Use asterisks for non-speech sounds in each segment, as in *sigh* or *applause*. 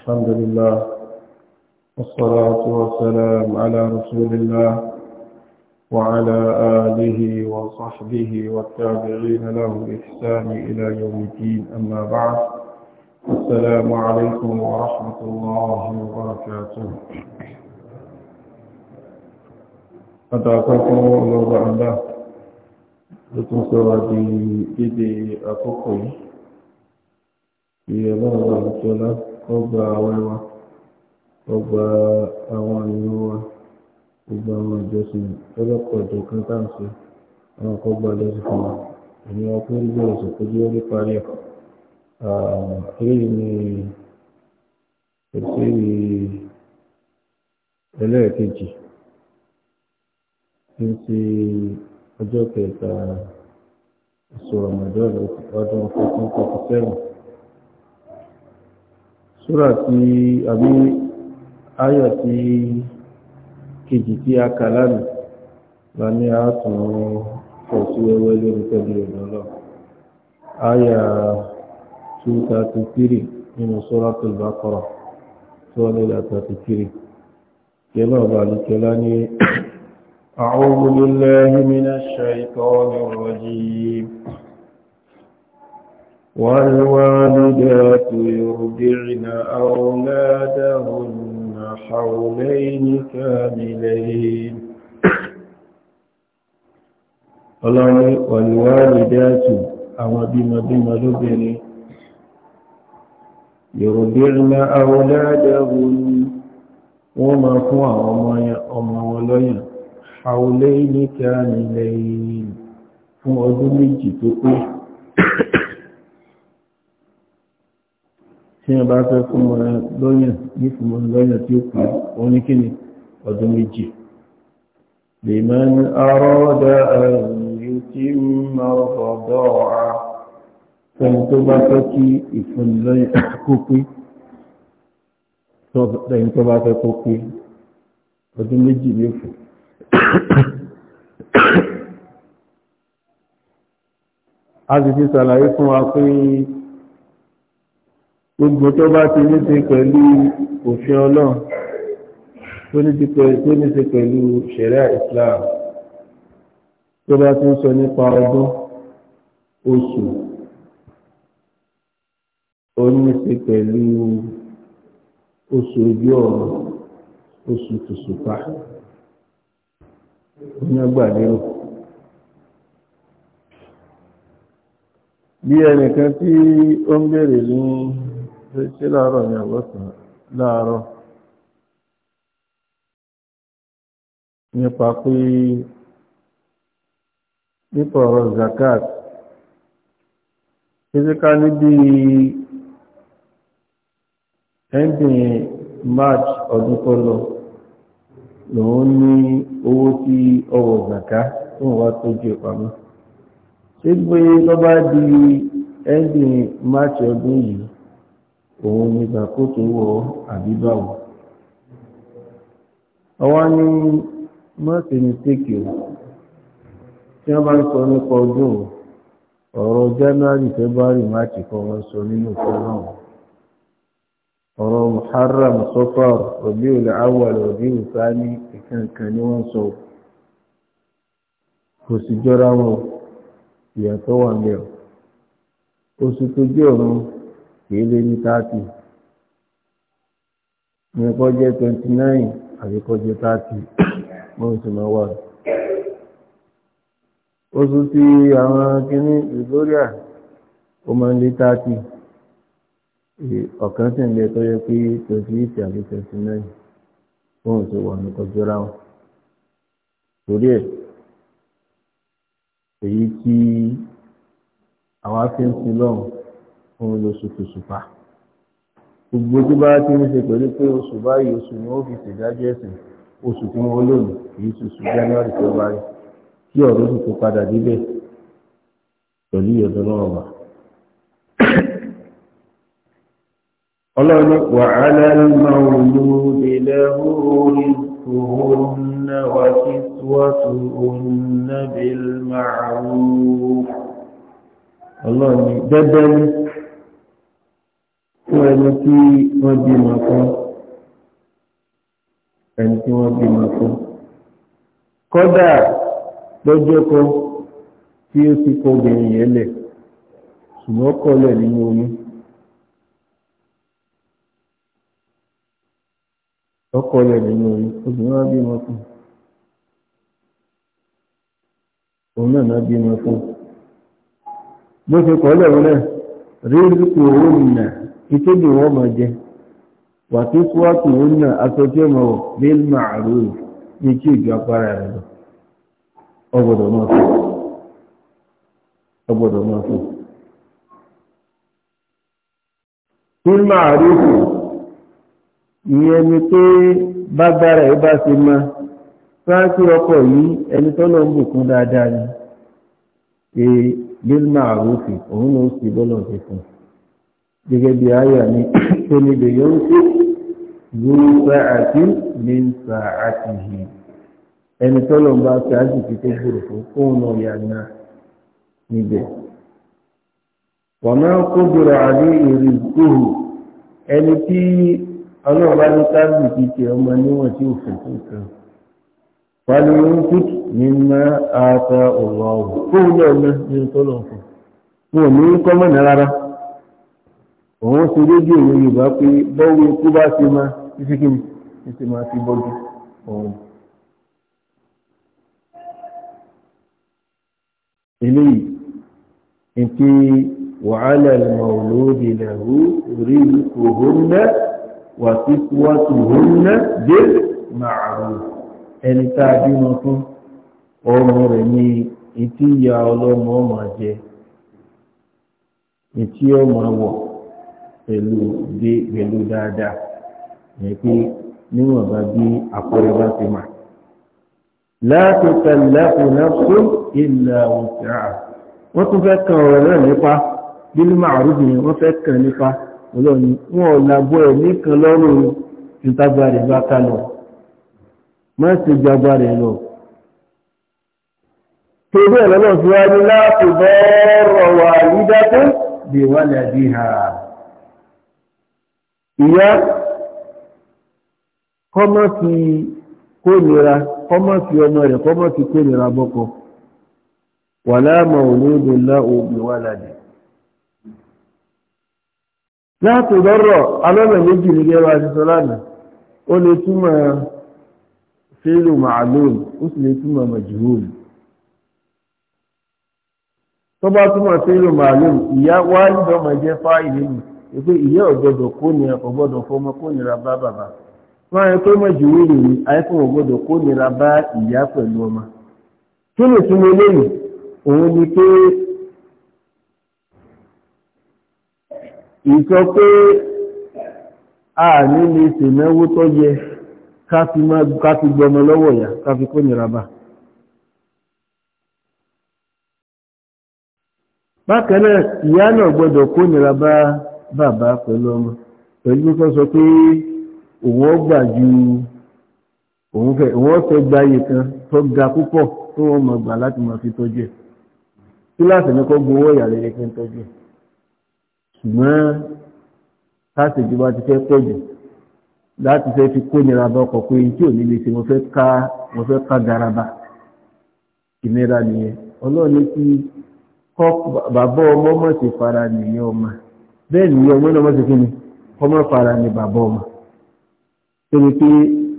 الحمد لله والصلاة والسلام على رسول الله وعلى آله وصحبه والتابعين له بإحسان إلى يوم الدين أما بعد السلام عليكم ورحمة الله وبركاته أتاكم الله الله لتنصر دي دي أتقي في الله تعالى ó gba àwẹ̀ wa ó gba àwọn ìlú wa gbogbo àwọn ìjọsìn lọ́lọ́pọ̀ ètò kan tá à ń ṣe àwọn kan gba ìjọsìn fún wa èmi wọn pé bí ọ̀sẹ̀ tó dé orí parí ẹ̀ eléyìí ni èsì ẹlẹ́ẹ̀kejì tí ń ti ọjọ́ kẹta oṣù Ramadan ọdún fourteen forty seven súrà tí àbí ayà tí kejì tí a kà lánàá la ní àátùn pọ̀ sí wẹ́wẹ́ lórí pẹ̀lú ọ̀nà náà ayà 233 nínú súrà tó bá kọ̀rọ̀ tó ní ìlàtà 33 kẹlọ́ ọba àlùkẹlá ní أعوذ بالله من الشيطان الرجيم والوالدات يرضعن أولادهن حولين كاملين ọlọ́run والوالدات àwọn bímọbímọ lóbìnrin يرضعن أولادهن wọ́n máa fún àwọn ọmọ wọn lọ́yàn حولين كاملين fún ọdún méjì tó pé tí wọ́n bá fẹ́ fún wọn lọ́yàn ní fún wọn lọ́yàn tí ó kù wọn ní kíni ọdún méjì lèmọ́n arọ́dà ààrùn tí ń ma ọ̀dọ́ ọ̀rá fẹ́ni tó bá fẹ́ kí ìfúnnilọ́yàn *coughs* kó pé tó bá fẹ́ kó pé ọdún méjì *coughs* gbogbo tó bá ti ní ṣe pẹ̀lú òfin ọlọ́run tó ní ṣe pẹ̀lú ṣẹ̀ríà Islam tó bá ti ń sọ nípa ọdún oṣù ó ní ṣe pẹ̀lú oṣù ojú ọ̀run oṣù tòṣùpá ní ọgbàdérò bí ẹnìkan tí ó ń bèèrè ní ṣe láàárọ̀ ní àwọ̀sán láàárọ̀ nípa pé nípa ọ̀rọ̀ zakat fíjíká níbi ending march ọdún kọlọ lọ lòun ní owó tí ọwọ̀ zakat tó wà tó jẹ pamọ́ ṣé gbé lọ́bá di ending march ọdún yìí òun nígbà kó tó wọ àbíbáwò ọwá ní mọ́sí ní tèkì o tí wọ́n bá ń sọ nípa ọdún ọ̀rọ̀ January February March kọ́ wọ́n sọ nínú ìfẹ́ náà ọ̀rọ̀ Muharram Safar Rabiul Awwal ìkankan ni wọ́n sọ kò sì jọra wọn ìyàtọ̀ wà kìí lé ní táàtì ní ẹkọ́ jẹ́ 29 àríkọ́ jẹ́ 30 wọ́n sì máa wà ó tún sí àwọn kíní Victoria ó máa ń lé 30 ọ̀kan sì ń lé tó yẹ pé 28 àbí 29 wọ́n sì wà ní kọjọ́ra wọn torí ẹ̀ èyí tí àwa fi ń sin fún lóṣù tòṣùpá gbogbo tó bá ti ń ṣe pẹ̀lú pé oṣù báyìí oṣù ni ó fi ṣèdájọ́ ẹ̀sìn oṣù tí wọ́n lòlù kì ṣoṣù january february kí ọ̀rọ̀ sì tó padà débẹ̀ pẹ̀lú ìyọ̀dọ̀ náà wà. ọlọ́run wà á lẹ́nu máa ń lo ilẹ̀ orí tòun wà kí tíwọ́tò òun náà bí màá rú. ọlọ́run dẹ́dẹ́ ní. fún ẹni tí wọ́n bímọ fún ẹni tí wọ́n bímọ fún kódà lọ́jọ́ kan tí ó ti kọ obìnrin yẹn lẹ̀ ìtòdì wọn máa jẹ wà tí kúwàtù wọn náà aṣọ tí ó máa wọ bíl màálù ní kí ìjọ apára rẹ lọ ọgbọ́dọ̀ máa fò ọgbọ́dọ̀ máa fò ìyẹn ni pé ẹ bá ọkọ yìí ẹni ń ni pé òun ló ń ṣe gẹ́gẹ́ bí ayà ní tó níbi yóò tó yóò sáàtì ní ẹni tọ́lọ̀ ń bá fi tó gbòrò fún fóun náà yà náà níbẹ̀. wọ̀nà kó gbòrò ẹni tí ọlọ́run bá ní tábìlì kí ti ọmọ níwọ̀n tí ò tó wàlú kú ní má òun ṣe rédíò ní yorùbá pé bọ́wọ́ ikú bá ṣe máa títí kí ní ṣe máa fi bọ́jú òun. eléyìí ní pé wàhálà mọ̀lódì lẹ́rú rí kòhónà wà sí wàtí dé màrú ẹni tá a bímọ fún ọrùn rẹ̀ ní ìtí ọlọ́mọ ọmọ jẹ ìtí ọmọ wọ̀ pẹ̀lú dé pẹ̀lú dáadáa yẹn pé níwọ̀n bá bí àpẹẹrẹ bá ti mà. láti tẹ̀lé ìnáfó ilẹ̀ òkèèrà wọ́n tún fẹ́ kan ọ̀rọ̀ náà nípa bílí màrúbì ni wọ́n fẹ́ kan nípa ọlọ́ni wọn ò làbọ̀ ẹ̀ nìkan lọ́rùn ìtajà rẹ̀ bá ká lọ má ṣe jagba rẹ̀ lọ. torí ẹ̀ lọ́nà tí ní láti bọ́ ọ̀rọ̀ wà ní dákẹ́ bí wọ́n lè ha ìyá kọ́mọ́ ti kónira kọ́mọ́ ti ọmọ rẹ̀ kọ́mọ́ ti kónira bọ́kọ wala mawludun lahu biwaladi láti lọ́rọ̀ alọ́nà méjì ní gẹ́rọ àṣìṣọ́ lánàá ó lè túmọ̀ fílù màálùm ó sì lè túmọ̀ màjúhùn tó bá túmọ̀ fílù màálùm ìyá wá nígbà jẹ́ fáìlì nù pé ìyá ọ̀gbọ́dọ̀ kónira ọ̀gbọ́dọ̀ fọmọ kónira bá bàbá wọ́n rẹ̀ pé mọ̀jú wíìlì ní iphone ọ̀gbọ́dọ̀ kónira bá ìyá pẹ̀lú ọmọ kí ni tí mo léyìn òun ni pé ìsọ pé a ní lè ṣènáwó tó yẹ ká fi gbọmọ lọ́wọ́ ìyá ká fi kónira bá bákan ìyá náà gbọ́dọ̀ kónira bá bàbá pẹ̀lú ọmọ pẹ̀lú kọ́ sọ pé òun ó gbà ju òun fẹ́ òun ó fẹ́ gba iye kan tó ga púpọ̀ tó wọ́n mọ̀ gbà láti máa fi tọ́jú ẹ̀ kíláàsì ni kò gbowó ìyá rere kí n tọ́jú ẹ̀ ṣùgbọ́n káàsì ìjọba ti fẹ́ pọ̀ jù láti fẹ́ fi kó nira bá ọkọ̀ pé tí ò ní lè ṣe wọ́n fẹ́ ká garaba ìnira nìyẹn ọlọ́run ní kọ́ bàbá ọmọ mọ̀ sí fara nìyẹn ọmọ bẹ́ẹ̀ ni ọmọ náà mọ́sí kíni ọmọ fara ni bàbá ọmọ tó ní pé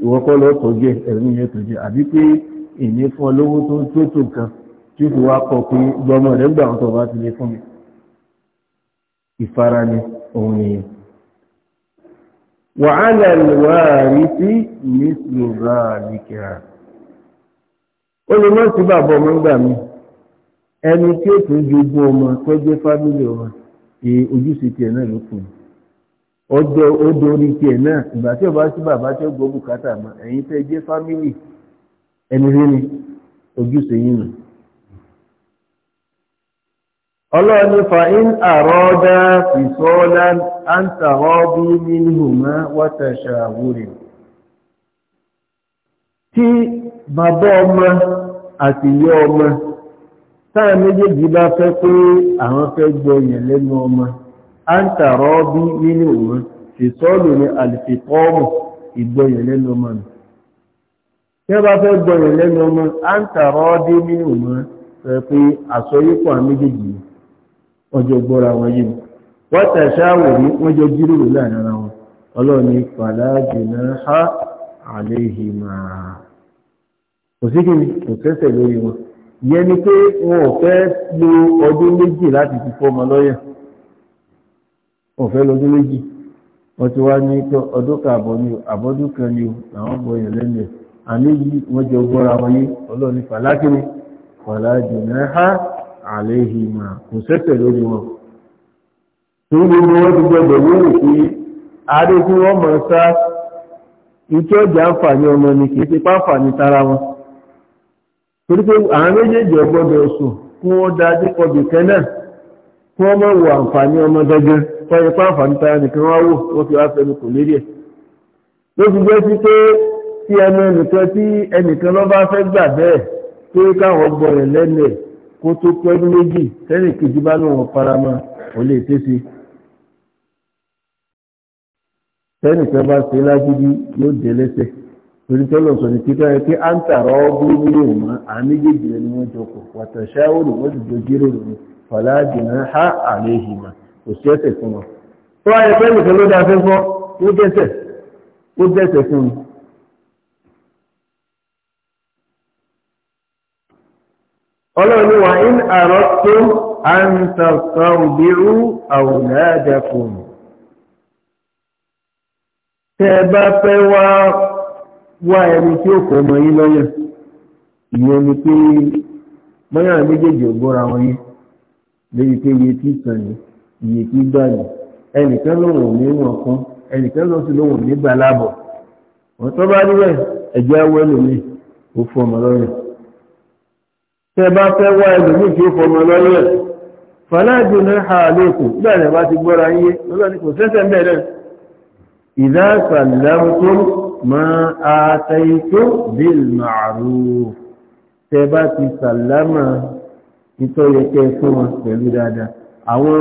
ìwọ́kọ́ lọ tọ́jú ẹ̀rí ìyẹn tọ́jú àbí pé èyí fún ọ lówó tó tó tó nǹkan tí ó fi wá kọ pé gbọmọ rẹ̀ gbà wọn tó bá ti lè fún mi ìfara ni òun nìyẹn wàhálà ìwárí sí mísìlùmá nìkìrà ó lè mọ́ sí bàbá ọmọ ń gbà mí ẹni tí ó tún jogún ọmọ tó jẹ́ ọmọ ṣe ojúṣe tiẹ̀ náà ló kù ọjọ́ ó dorí tiẹ̀ náà ìgbà tí ọba sí bàbá tí ó gbọ́ bùkátà mọ́ ẹ̀yin tẹ́ jẹ́ fámìlì ẹni rí ni ojúṣe yín nù. ọlọ́ọ̀ni fa in àrọ́dá fìsọ́lá ń tàwọ́ bí nínú mọ́ wọ́tàṣà àwúrẹ̀ tí bàbá ọmọ àti ọmọ táwọn méjèèjì bá fẹ́ pé àwọn fẹ́ jọ yẹn lẹ́nu ọmọ a ń tààrọ bí nínú òun fìtọ́lù ní àlìfìtọ́ọ̀mù ìgbọ̀yàn lẹ́nu ọmọ nù tí wọ́n bá fẹ́ gbọ̀yàn lẹ́nu ọmọ a ń tààrọ dé nínú òun fẹ́ pé àsọyípọ̀ àwọn méjèèjì ọjọ́ gbọ́ra wọn yìí wọ́n tẹ̀sáwò ní wọ́n jọ jíròrò láàrin wọn ọlọ́ni fàlájìnà ha àléhìmá kò sí kí kò sẹ́sẹ̀ lórí wọn ìyẹn ni pé wọn ò fẹ́ lo ọdún méjì láti fi fọ́mọ lọ́yẹ̀ wọn ò fẹ́ lo ọdún méjì wọ́n ti wá ní ọdún kan àbọ̀ ni àbọ̀dún kan ni àwọn bọ̀yàn lẹ́nu ẹ̀ àní yìí wọ́n jọ gbọ́ra wọn yé ọlọ́ọ̀ni fàlákìní fàlájì náà há àléhìmà kò sẹ́sẹ̀ lórí wọn tí gbogbo wọn ti gbọdọ̀ lórí pé adé tí wọ́n mọ̀ sá ìtọ́jà àǹfààní ọmọ ni kì í ṣe pàǹfààní tara wọn torí pé àwọn méjèèjì ọgbọ́dọ̀ sùn kí wọ́n dájú pọ̀bì kẹ́nà kí wọ́n mọ̀ wọ àǹfààní ọmọ gẹ́gẹ́ fọ́yẹ pá àǹfààní tara nìkan wá wò wọ́n fi wá fẹnu kò lérí ẹ̀ ló fi jẹ́ sí pé tí ẹnu ẹnìkan tí ẹnìkan lọ́ bá fẹ́ gbà bẹ́ẹ̀ pé káwọn gbọ̀rẹ̀ lẹ́nu ẹ̀ kó tó pẹ́ méjì sẹ́nì kejì bá lóun faramọ́ ò lè tẹ́ sí sẹ́nì kan bá ṣe lágídí yóò dé lẹ́sẹ̀ torí tó lọ sọ ní títọ́ ẹ pé áńtà rọ ọdún nílé wọn àmì jèjì ni wọ́n jọkọ wàtà ṣáwòrò wọ́n sì jọ jíròrò ní fàlà jìnnà ha àléhìmà kò sí ẹsẹ̀ fún wọn. tó wáyé pé nìkan ló dáa fẹ́fọ́ ó dẹ́sẹ̀ ó dẹ́sẹ̀ fún mi. ọlọ́run ni wà ń àrọ́ tó àǹtà sọ̀rọ̀bìrú àwòrán àjàkùn. tẹ́ bá fẹ́ wá wá ẹni tí ó kọ́ ọmọ yín lọ́yàn ìyẹn ni pé bọ́yà méjèèjì ò gbọ́ra wọn yé lórí pé iye tí kàn ní iye tí gbà ní ẹnìkan lòun ò ní wọn kan ẹnìkan lòun sì lòun ò ní gbà wọn tó bá níbẹ̀ ẹ̀jẹ̀ awọ ẹlòmíì ó fún ọmọ lọ́yàn tẹ bá fẹ́ wá ẹlòmíì tí ó fún ọmọ lọ́yàn fàlàjù ní ha lókùn bẹ́ẹ̀ ni wọ́n ti gbọ́ra yé lọ́lọ́ni kò sẹ́sẹ̀ mẹ́rẹ̀ ìdá sàlámù ma ataytum bil ma'ruf tẹ bá ti sàlámà ìtọ́ yẹ kẹ́ fún wọn pẹ̀lú dáadáa àwọn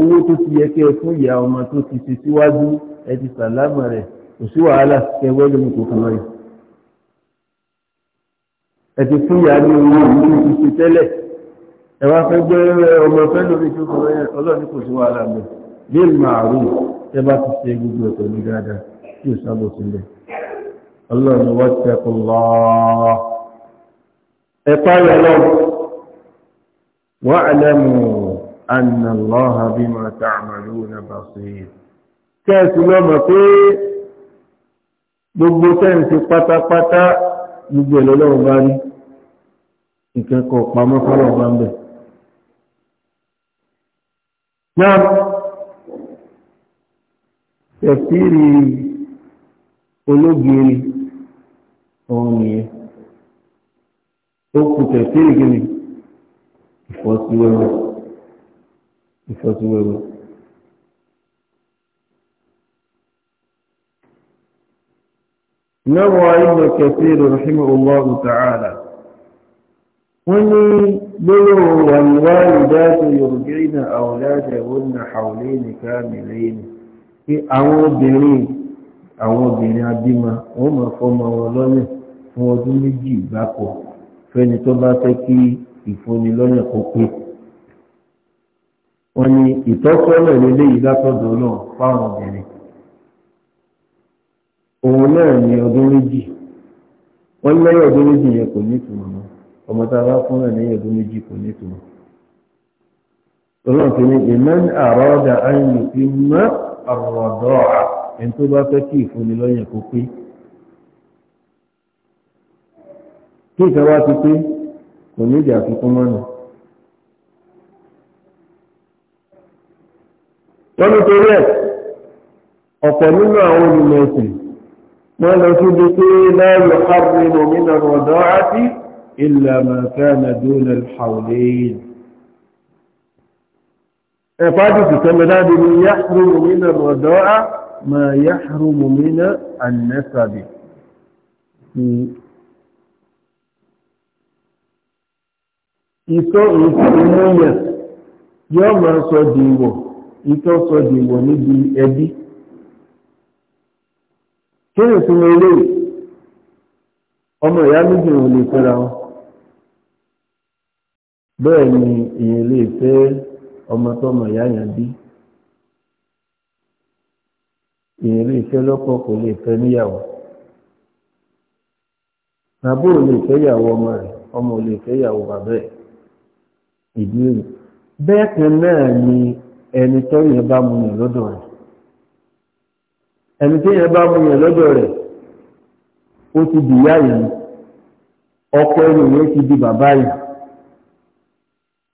owó tó ti yẹ kẹ́ fún ìyá ọmọ tó ti ṣe síwájú ẹ ti sàlámà rẹ̀ kò sí wàhálà kẹwẹ́ lómi kò fún wọn ẹ ti fún ìyá ní owó ìlú tó ti ṣe tẹ́lẹ̀ ẹ wá fẹ́ gbé ọmọ fẹ́ lómi tó fún wọn ọlọ́ọ̀ni kò sí wàhálà bẹ̀ bil ma'ruf tẹ bá ti ṣe gbogbo ẹ̀ pẹ̀lú dáadáa tí ò sábò sílẹ̀ ọlọ́run wọ́n tẹ́kù lọ ẹ̀pá yọ lọ wọ́n àlẹ́mù anna Allaha bima ta'maluna basir kẹ́ẹ̀sì lọ́mọ̀ pé gbogbo tẹ́ǹsì pátápátá gbogbo ẹ̀lọ́lọ́run bá rí ìkẹ́kọ̀ọ́ pamọ́ fọ́lọ́ bá ń bẹ̀. Náà, tẹ̀síìrì ológiri ọ̀hún nìyẹn ó kù tẹ̀síì gíní ìfọ́síwẹ́wẹ́ ìfọ́síwẹ́wẹ́. نوى ابن كثير رحمه الله تعالى وني بلوا والوالدات يرجعن أولادهن حولين كاملين في أمر بنين àwọn obìnrin abímọ wọn máa fọmọ wọn lọ́nà fún ọdún méjì gbáko fẹ́ni tó bá fẹ́ kí ìfúnni lọ́nà kó pé wọ́n ní ìtọ́sọ́nà lélẹ́yìí látọ̀dọ̀ náà fáwọn obìnrin òun náà ní ọdún méjì wọ́n lẹ́yìn ọdún méjì yẹn kò ní ìtumọ̀ mọ́ ọmọ tá a bá fún náà lẹ́yìn ọdún méjì kò ní ìtumọ̀ ọlọ́run tó ìmọ̀ àrọ́dà ayùn ìmọ̀ àrọ̀dọ́à ẹni tó bá fẹ́ kí ìfúnni lọ́yàn kó pé kí ìjọba ti pé kò ní ìjà àfikún mọ́nà. wọ́n nítorí ẹ̀ ọ̀pọ̀ nínú àwọn olùmọ̀ ẹ̀sìn wọ́n lọ síbi pé láàrú harbin omínà ọ̀dọ́ àti ìlànà kánà dúnà hàwùléyìn. ẹ̀fájú ti sẹ́mẹ́dáde ni yá lóhùn omínà ọ̀dọ́ àti ما يحرم من النسب ìtọ́ ìfúnmúyàn yóò máa sọ dìwọ̀ ìtọ́ sọ dìwọ̀ níbi ẹbí kí ni fún ilé ọmọ ìyá méjì òun lè fẹ́ra wọn bẹ́ẹ̀ ni èèyàn lè fẹ́ ọmọ tọmọ ìyá yẹn bí èèyàn lè fẹ́ lọ́kọ kò lè fẹ́ níyàwó bàbá ò lè fẹ́ yàwó ọmọ rẹ̀ ọmọ ò lè fẹ́ yàwó bàbá ẹ̀ ìbéèrè bẹ́ẹ̀ kan náà ni ẹni tó yẹn bá mu yàn lọ́dọ̀ rẹ̀ ẹni tó yẹn bá mu yàn lọ́dọ̀ rẹ̀ ó ti di ìyá yìí ọkọ ẹni yẹn ti di bàbá yìí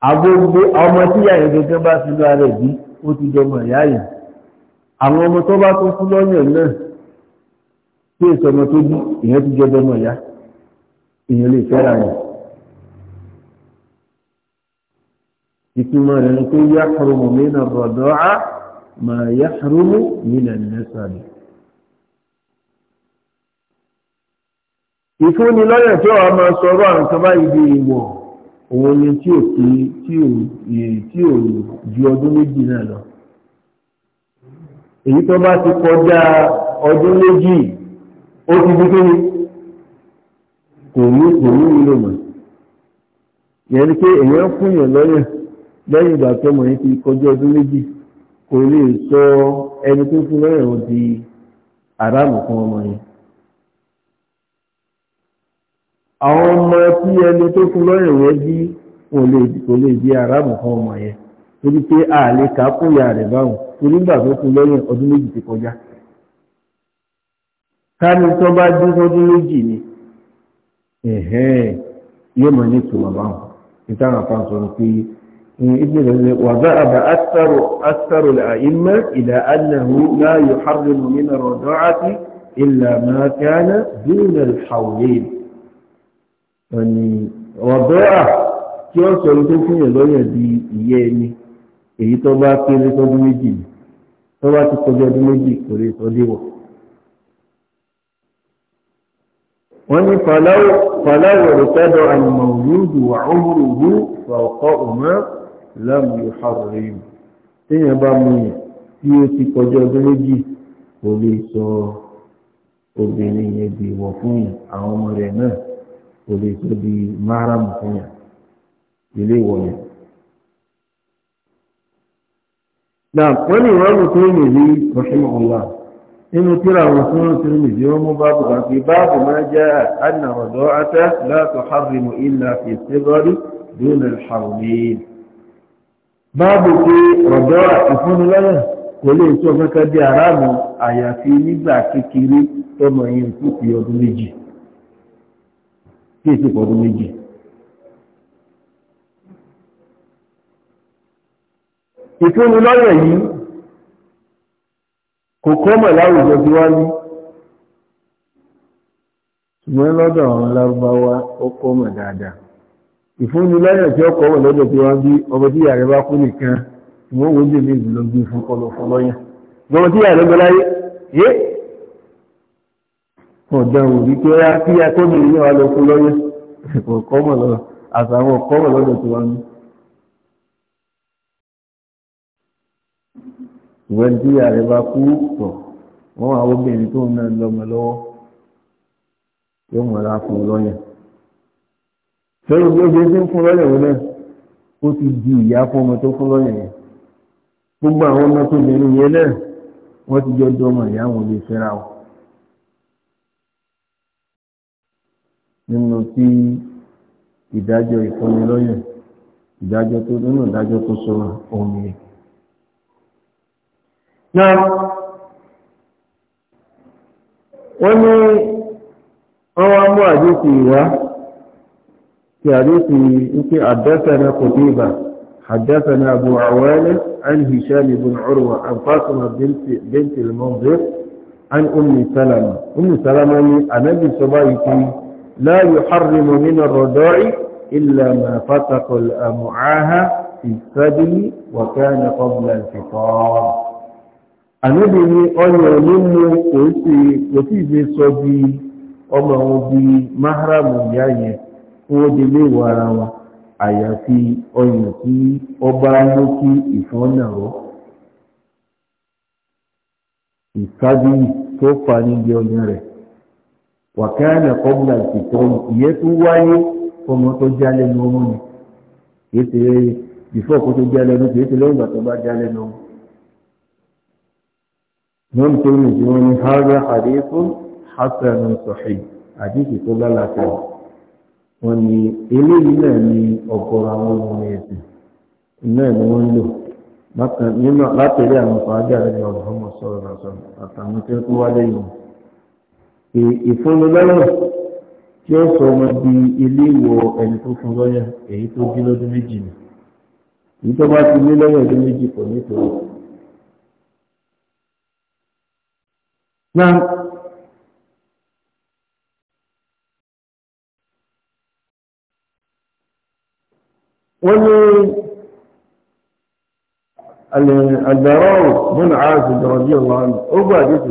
agbóngbó ọmọ tíyà yẹn gẹ́gẹ́ bá ti lọ ara ẹ̀ ó ti jọmọ ìyá yìí àwọn ọmọ tó bá tún kú lọ́yàn náà tí èso ọmọ tó bí ìyẹn ti jọjọ mọ̀ ya ìyẹn lè fẹ́ra yẹn. ìtumọ̀ rẹ̀ ni pé yahrumu mina ar-rada'a ma yahrumu mina an-nasab. ìfúnni lọ́yàn tí wọ́n máa sọ̀rọ̀ àwọn kan báyìí di ìwọ̀ òun ni tí ò ju ọdún méjì náà lọ èyí tó bá ti kọjá ọdún méjì ó ti di kí ni kò ní kò ní nílò mọ̀ yẹn ni pé èèyàn fún yàn lọ́yàn lẹ́yìn ìgbà tó mọ̀ yẹn ti kọjá ọdún méjì kò lè sọ ẹni tó fún lọ́yàn ó di àràmù fún ọmọ yẹn àwọn ọmọ tí ẹni tó fún lọ́yàn yẹn bí kò lè di àràmù fún ọmọ yẹn torí pé àlè kàákùn ìyá rẹ̀ báwọn torí nígbà tó kú lẹ́yìn ọdún méjì ti kọjá káni tó bá dín ọdún méjì ni yóò mọ̀ ní ìtumọ̀ báwọn ìtàn àpáǹsọ ni pé ابن الهزم وذهب أكثر أكثر الأئمة إلى أنه لا يحرم من الرضاعة إلا ما كان دون الحولين يعني رضاعة tí wọ́n sọ tó fún ìyẹ̀ lọ́yẹ̀ di ìyẹ́ ẹni èyí tó bá kéré tọ́dún méjì ni tó bá ti kọjú ọdún méjì kò lè sọ déwọ̀. wọ́n ní fàláwọ̀ rẹ̀ tẹ́dọ̀ àlùmọ̀lúdù wà ómùrùgbù fọ̀ọ̀kọ́ òmọ́ láàmù ìhàrọ̀rẹ̀ yìí téèyàn bá mú yàn tí ó ti kọjú ọdún méjì kò lè sọ obìnrin yẹn di ìwọ̀ fún yàn àwọn ọmọ rẹ̀ náà kò lè sọ di máhàrámù fún yàn ilé ìwọ̀ yàn. náà wọ́n ní ìwọ́n tó lè rí ọ̀ṣun ọ̀la nínú tíra àwọn tó ń tún lè jẹ́ ọmọ báàbù kan fi báàbù máa jẹ́ àná ọ̀dọ́ ata láti harimu ilà fi sẹ́gọ́rí dúnà hàrùmíìn. báàbù pé ọ̀dọ́ ìfúnnilọ́nà kò lè tó kankan bí aráàmù àyàfi nígbà kékeré tọmọ yẹn kú fi méjì. ìtúni lọ́rọ̀ yìí kò kọ́ mọ̀ láwùjọ tí wá ní ṣùgbọ́n lọ́dọ̀ àwọn lárúbáwá ó kọ́ mọ̀ dáadáa ìfúnni lọ́rọ̀ tí ó kọ́ mọ̀ lọ́dọ̀ tí wá bí ọmọ tí yàrá bá kú nìkan ìwọ́n wo jẹ́ méjì ló gbé fún kọlọ fún lọ́yà ọmọ tí yàrá bá láyé yé ọ̀dàn òbí tó yá kí akọ́bìnrin náà lọ fún lọ́yà kò lọ́dọ̀ tí wá ní ìwọ́n tí ààrẹ bá kú tọ̀ wọ́n àwọn obìnrin tó ń náà lọ́mọ lọ́wọ́ yóò mọ̀ ra fún lọ́yẹ̀ lọ́rùn bí ó ṣe ti ń fún lọ́yẹ̀ wọn náà ó ti di ìyá fún ọmọ tó fún lọ́yẹ̀ yẹn gbogbo àwọn ọmọ tó bẹ̀rẹ̀ yẹn náà wọ́n ti jọ dọ́mọ ìyá wọn lè fẹ́ra wọn. nínú tí ìdájọ́ ìfúnnilọ́yẹ̀ ìdájọ́ tó nínú ìdájọ́ tó sọ òun yẹn. نعم وني هو wọ́n wá mú àdéhùn في حديث يمكن حدثنا قتيبة حدثنا أبو عوانة عن هشام بن عروة عن فاطمة بنت, بنت المنذر عن أم سلمة أم سلمة يعني النبي صبايتي لا يحرم من الرضاع إلا ما فتق الأمعاها في الثدي وكان قبل الفطار ànábì ní ọyàn mímú kò sọ bí ọmọ wọn bí máhàrámù ìyá yẹn kí wọ́n ara wọn àyàfi ọyàn tí ọba mú kí ìfọ́n náà rọ́ ìsájú tó fà níbi ọyàn rẹ̀ wàkàrà kọ́bùlà ìṣètò ìyẹ́ tó wáyé tó já lẹ́nu ọmọ ni kìí ṣe wọ́n tó ní tí wọ́n ní hàrá àdéfún hassanun sọ̀hí àdíkì tó lálàáfẹ́ wọ́n ní eléyìí náà ní ọ̀gọ̀rọ̀ àwọn ohun ẹ̀sìn náà ni wọ́n lò látẹ̀lé àwọn fàájì àrẹ́bí ọ̀bọ̀n sọ̀rọ̀ lọ́sọ̀ àtàwọn tí ó tó wá lẹ́yìn ìfúnnilọ́lọ́ tí ó sọ ọmọ di ilé ìwọ ẹni tó fún lọ́yẹ̀ èyí tó bí lọ́dún méjì ni èyí tó bá ti ní lọ́yẹ̀ ọdún méjì pọ̀ nítorí نعم ولي البراو بن عازب رضي الله عنه أبا جيت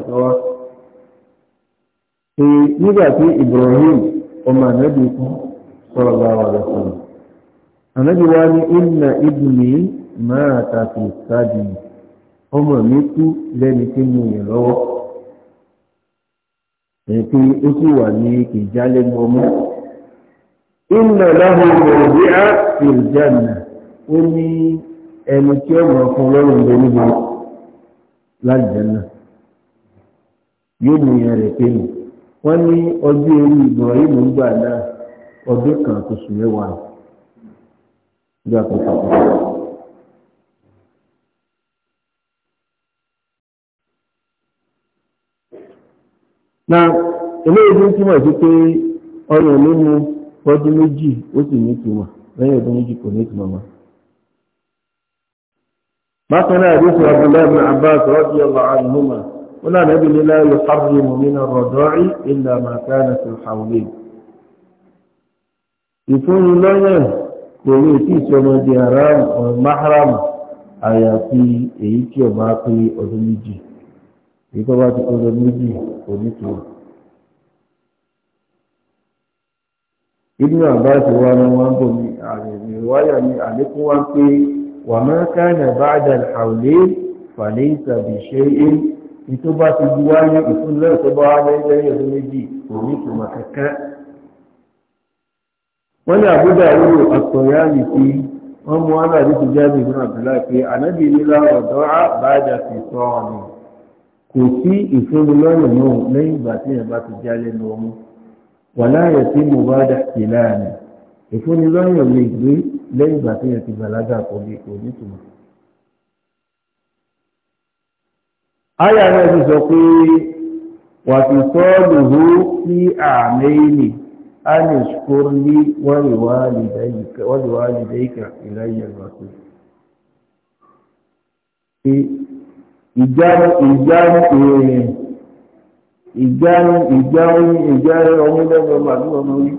في نبا في إبراهيم وما نبيكم صلى الله عليه وسلم النبي واني إن ابني مات في السجن ọmọ mi kú lẹ́ni pé ó sì wà ní ìjálẹ́gbọmú inna lahu mawdi'a fil janna ó ní ẹni tí ó mọ̀ fún lọ́rùn lé lájẹ́nà yóò mú ìyẹn pé nù wọ́n ní ọdún orí ìgbọ̀n yìí mú gbà náà ọdún kan kò sùn mẹ́wàá na emeghị ń túmọ̀ sí pé ọrọ̀ olómi ọdún méjì ó sì ní ìtumọ̀ lẹ́yìn ọdún méjì kò ní ìtumọ̀ mọ́. bákan náà àdéhùn abdullahi bin abbas radiyallahu anhuma wọn náà nàbí nílá yóò fábíyé mọ̀mínà sí hàwùlé. kò ní ìtì di haram or mahram àyàfi èyí tí ọba èyí tó bá ti kó lọ méjì onítùú. ibnu abbas wa ni wọn bò ní àríwáyà ní àlékún wá pé wà máa ká nà bá dà àwòlé fàlẹ́ ìtàbí ṣe é ní tó bá ti di wáyé ìfúnlẹ̀ tó bá wáyé lẹ́yìn ọdún méjì kò ní wọ́n ní àbúdá ìlú àtọ̀yá ní ti wọ́n mú wọn láti ti jáde ní àbúlá pé ànábì nílá ọ̀dọ́ àbájá ti sọ ọ̀nà kò sí ìfúnni lọ́rọ̀ náà lẹ́yìn ìgbà tí ẹ̀ bá ti já lẹ́nu ọmú wà láàyè tí mo bá dà sí láàrin ìfúnni lọ́rọ̀ lè gbé lẹ́yìn ìgbà tí ẹ̀ ti bàlágà kò lè kò ní tùmọ̀. àyà náà ti sọ pé wà fi sọ́ọ̀lù hó sí àmẹ́yìnì a lè ṣkúrú ní wàlúwà lìdẹ́yìkà ìlàyé ìrọ̀sùn ìjánu ìjánu èèyàn ìjánu ìjánu ìjánu ọmú lẹ́nu ọmọ àbí ọmọ orí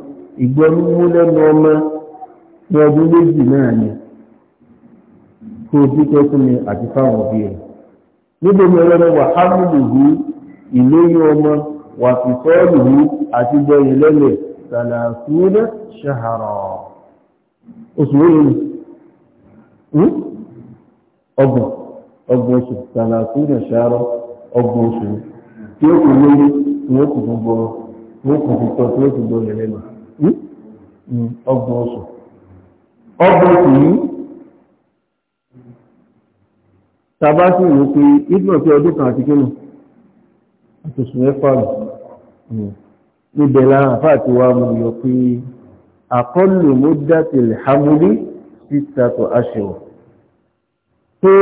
ìgbọ́nú mú lẹ́nu ọmọ ní ọdún méjì náà ni kó o fi tọ́kú ni àti fáwọn òbí rẹ̀ níbo ni ọlọ́run wà hámùlù hù ìlóyún ọmọ wà fi fọ́ọ̀lù hù àti gbọ́yìn lẹ́lẹ̀ sàlàfúnà ṣàhàrà oṣù wo ni hmm? ọgbọ̀n ọgbọ̀n oṣù tàlàkù ní ṣàárọ̀ ọgbọ̀n oṣù tí ó kù lórí tí ó kù gbogbo tí ó kù púpọ̀ tí ó kù gbogbo lẹ́nu hmm? hmm, ọgbọ̀n oṣù ọgbọ̀n oṣù yìí tàbá sì wò pé ibùdó pé ọdún kan àti kínú àtòsù mẹ́fà lù hmm. níbẹ̀ lára àfáà tí wàá mú yọ pé àkọlù muddatil hamli sittatu ashhur pé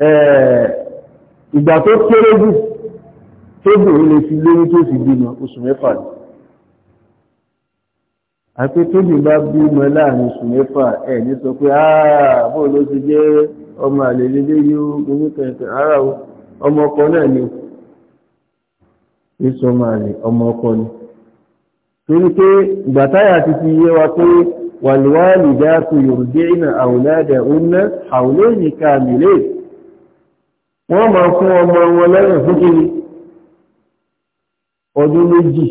Eh, ìgbà tó kéré jù tó bìnrin lè fi lóyún tó fi bímọ oṣù mẹ́fà ni àti tóbi bá bímọ láàrin oṣù mẹ́fà ẹ̀ ní sọ pé àà ah, bóò ló ti jẹ́ ọmọ àlèlélé yóò gbogbo kẹ̀kẹ́ ara ọmọ ọkọ náà ni èso ọmọ àlè ọmọ ọkọ ni torí pé gbàtáyà ti fi yé wa pé wàlúwàlì dáàtú yorùbá ìnà àwòládà òun náà àwòlẹ́yìn kàmìlẹ́yìn wọ́n máa fún ọmọ wọn lẹ́yìn fún kiri ọdún méjì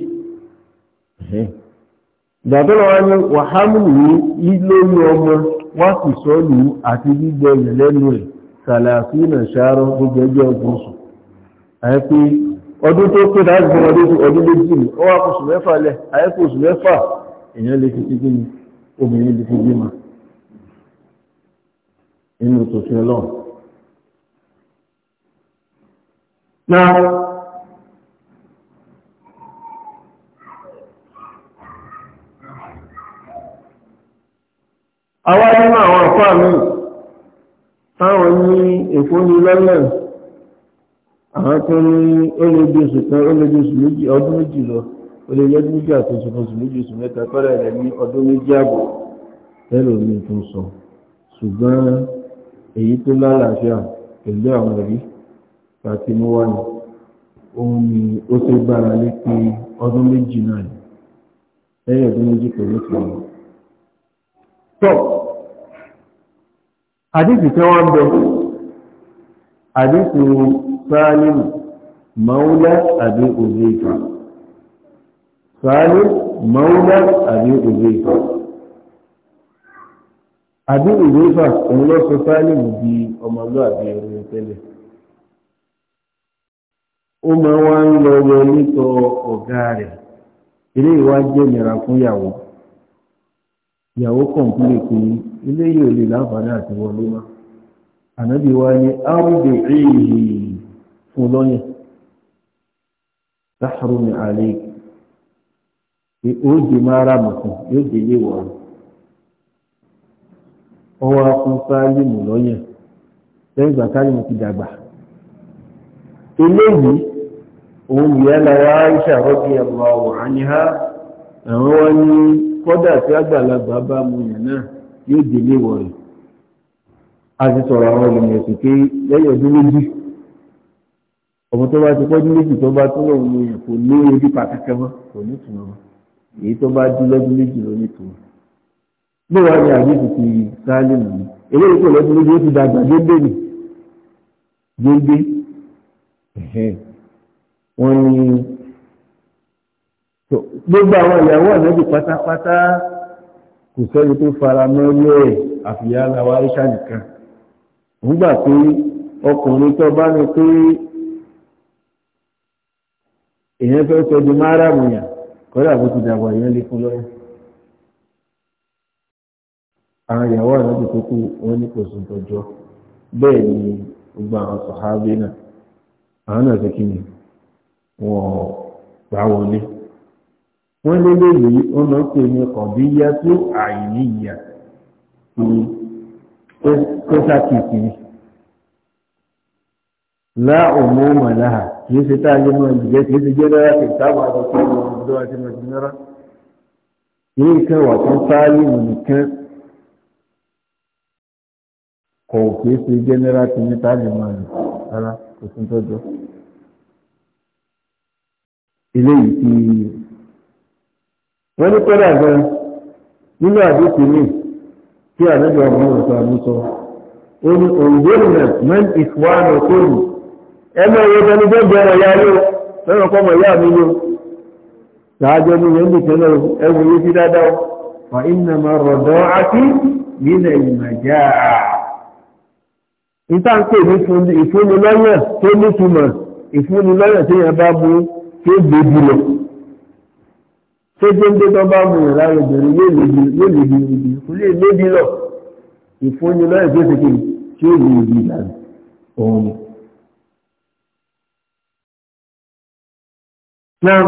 ìgbàtọ́ lọ́wọ́ ní wàhálù yìí lórí ọmọ wọ́n sì sọ lù ú àti gbígbẹ ẹ̀yẹ̀ lẹ́nu rẹ̀ sàlàfínà ṣàárọ̀ gbogbo ẹgbẹ́ ọgbọ̀n sùn àyẹ́pé ọdún tó pé láti fún ọdún ọdún méjì ni ó wá kó oṣù mẹ́fà lẹ̀ àyẹ́pé oṣù mẹ́fà èèyàn lè fi gbígbé ni obìnrin lè fi gbé ma tòfin ọlọ́run Now, àwa nínú àwọn àfáà mi táwọn ní èkó ní lọ́lẹ̀ àwọn tó ní olóògbé oṣù kan olóògbé oṣù méjì ọdún méjì lọ olóògbé ọdún méjì àti oṣù kan oṣù méjì oṣù mẹ́ta tọ́lẹ̀ rẹ̀ ní ọdún méjì àbọ̀ tẹ́lẹ̀ omi tó sọ ṣùgbọ́n èyí tó lálàáfíà pẹ̀lú àwọn ẹ̀rí tàti mú wá ní òun ni ó tó gbára lé pé ọdún méjì náà ni lẹ́yìn ọdún méjì pẹ̀lú ìpinnu. tọ́ àdéhùn tí wọ́n bẹ àdéhùn sáálìm maula àbí òzèèfà sáálìm maula àbí òzèèfà àbí òzèèfà òun lọ sọ sáálìm di ọmọlúwàbí ẹrù tẹ́lẹ̀. ó máa wá ń lọ wọ nítọ ọ̀gá rẹ̀ ilé ìwájú ìnira fún ìyàwó ìyàwó kọ̀ǹpúlé pé ilé yìí ò lè láǹfààní àti wọlé ànábì wa ní áwùdè èyí fún lọ́yìn sáhàrù ní àlẹ́ ó di máa rà mọ̀kàn yóò dé ilé wọ̀ ọwọ́ òun yẹ́ lọ́wọ́ Aisha radiyallahu anha àwọn wọn ní kọ́dà tí àgbàlagbà bá mu yàn náà yóò délé wọ̀rẹ̀ a ti sọ̀rọ̀ àwọn ènìyàn sì pé lẹ́yìn ọdún méjì ọmọ tó bá ti pọ́dún méjì tó bá tún lòun mu yàn kò ní orí pàtàkì mọ́ kò ní tùmọ̀ èyí tó bá dín lọ́dún méjì ló ní tùmọ̀ bí wọ́n ní àdéhùn ti sáálì mọ̀ ní eléyìí lọ́dún méjì ó ti dàgbà déédéé nì déédéé wọ́n ní gbogbo àwọn ìyàwó ànábì pátápátá kò sẹ́ni tó fara mọ́lé ẹ̀ àfìyàlá wa Aisha nìkan òun gbà pé ọkùnrin tó bá ní pé èèyàn fẹ́ tọ́jú márààmù yàn kọ́dà bó ti dàgbà èèyàn lè fún àwọn ìyàwó tó wọ́n ní kò sùn bẹ́ẹ̀ ni wọ́n gbà wọlé wọ́n lé lèlè wọ́n máa ń pè ní kọ̀bíyá tó àìníyà tó sàkìkì láàmú màláhà kìí ṣe tá a lè máa jìgẹ́ kìí ṣe jẹ́dára kìí sábà lọ sí ọmọ ọdọ́ àti màjìnára kìí kan wà fún sáálì nìkan kò ṣe jẹ́dára kìí tá a lè máa lò rárá kò sí tọ́jọ́ eléyìí tí wọ́n ní pẹ́lú àgbẹ̀ nínú àdókò ní tí àdókò ọmọ ọ̀sán àmúsọ ó ní òǹdóòlùmẹ̀ mẹ́n ìfúwánà kóòlù ẹmọ ìwé tẹni tó bẹ̀rẹ̀ ya ló fẹ́ràn kọ́mọ ìyá mi ló láàjọ ní ìwé nìkan náà ẹwù yé sí dáadáa wà iná máa rọ̀dọ́ àti nílẹ̀ ìmọ̀já ìtànkè ní ìfúnnilọ́yẹ̀ tó nítumọ̀ ìfúnnilọ́yẹ̀ tó yẹn bá burú tí ó gbé jùlọ tó gbéńgbé tó bá mú ìrà obìnrin yóò lè di ibi kò lè lébi lọ ìfúnni lọ́yẹ̀ tó ṣe kí tí ó lè di ìlànà òun ni. Now,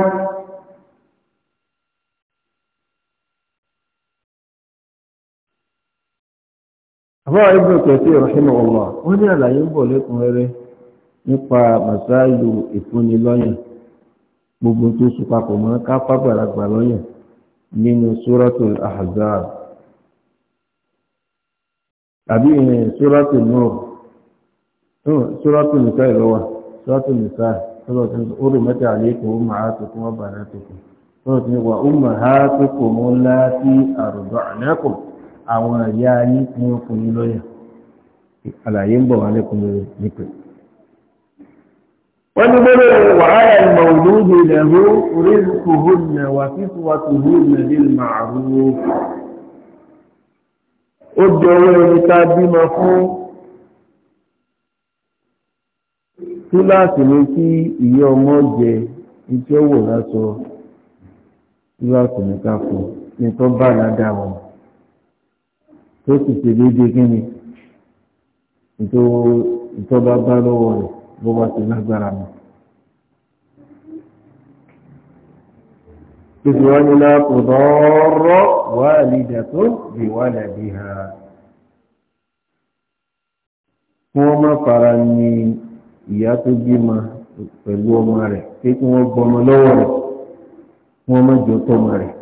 àwọn ibùdó kẹsí ìrọ̀ṣẹ́nà ọ̀la wọ́n ní àlàyé ń bọ̀ lẹ́kùnrẹ́rẹ́ nípa màsáàlù ìfúnni lọ́yẹ̀. gbogbo tó so papọ̀ mọ́ gbara fàgbàlagbà lọ́yà nínú suratul ahzab tàbí suratul nur suratul nìkan ìlọ́wà suratul nìkan sọ́dọ̀ tí ó rò mẹ́ta àlékò ó máa tó kún ọba rẹ̀ tó ó máa tó mọ́ ńlá sí àwọn yín àlàyé wọ́n ní gbọ́dọ̀ wàhálà ìmọ̀lúdì lẹ́rú orílẹ̀-èdè wà fífúwàtòhù lẹ́dìl màrúwó ó jọwọ́ ẹni ká bímọ fún kíláàsì ní kí ìyá ọmọ jẹ iṣẹ́ wò lásọ kíláàsì ní ká fún ní tó bá ládà wọn tó sì ṣe déédéé kí ni ìtọ́ bá bá lọ́wọ́ rẹ̀ bó bá ti lágbára mọ́. Tòsí wá ní láàpò dọ́rọ́ wà lìdà tó lè wà làdí ha. Kí wọ́n má fara ní ìyá tó bímọ pẹ̀lú ọmọ rẹ̀ pé kí wọ́n gbọmọ lọ́wọ́ rẹ̀ kí wọ́n jọ tọmọ rẹ̀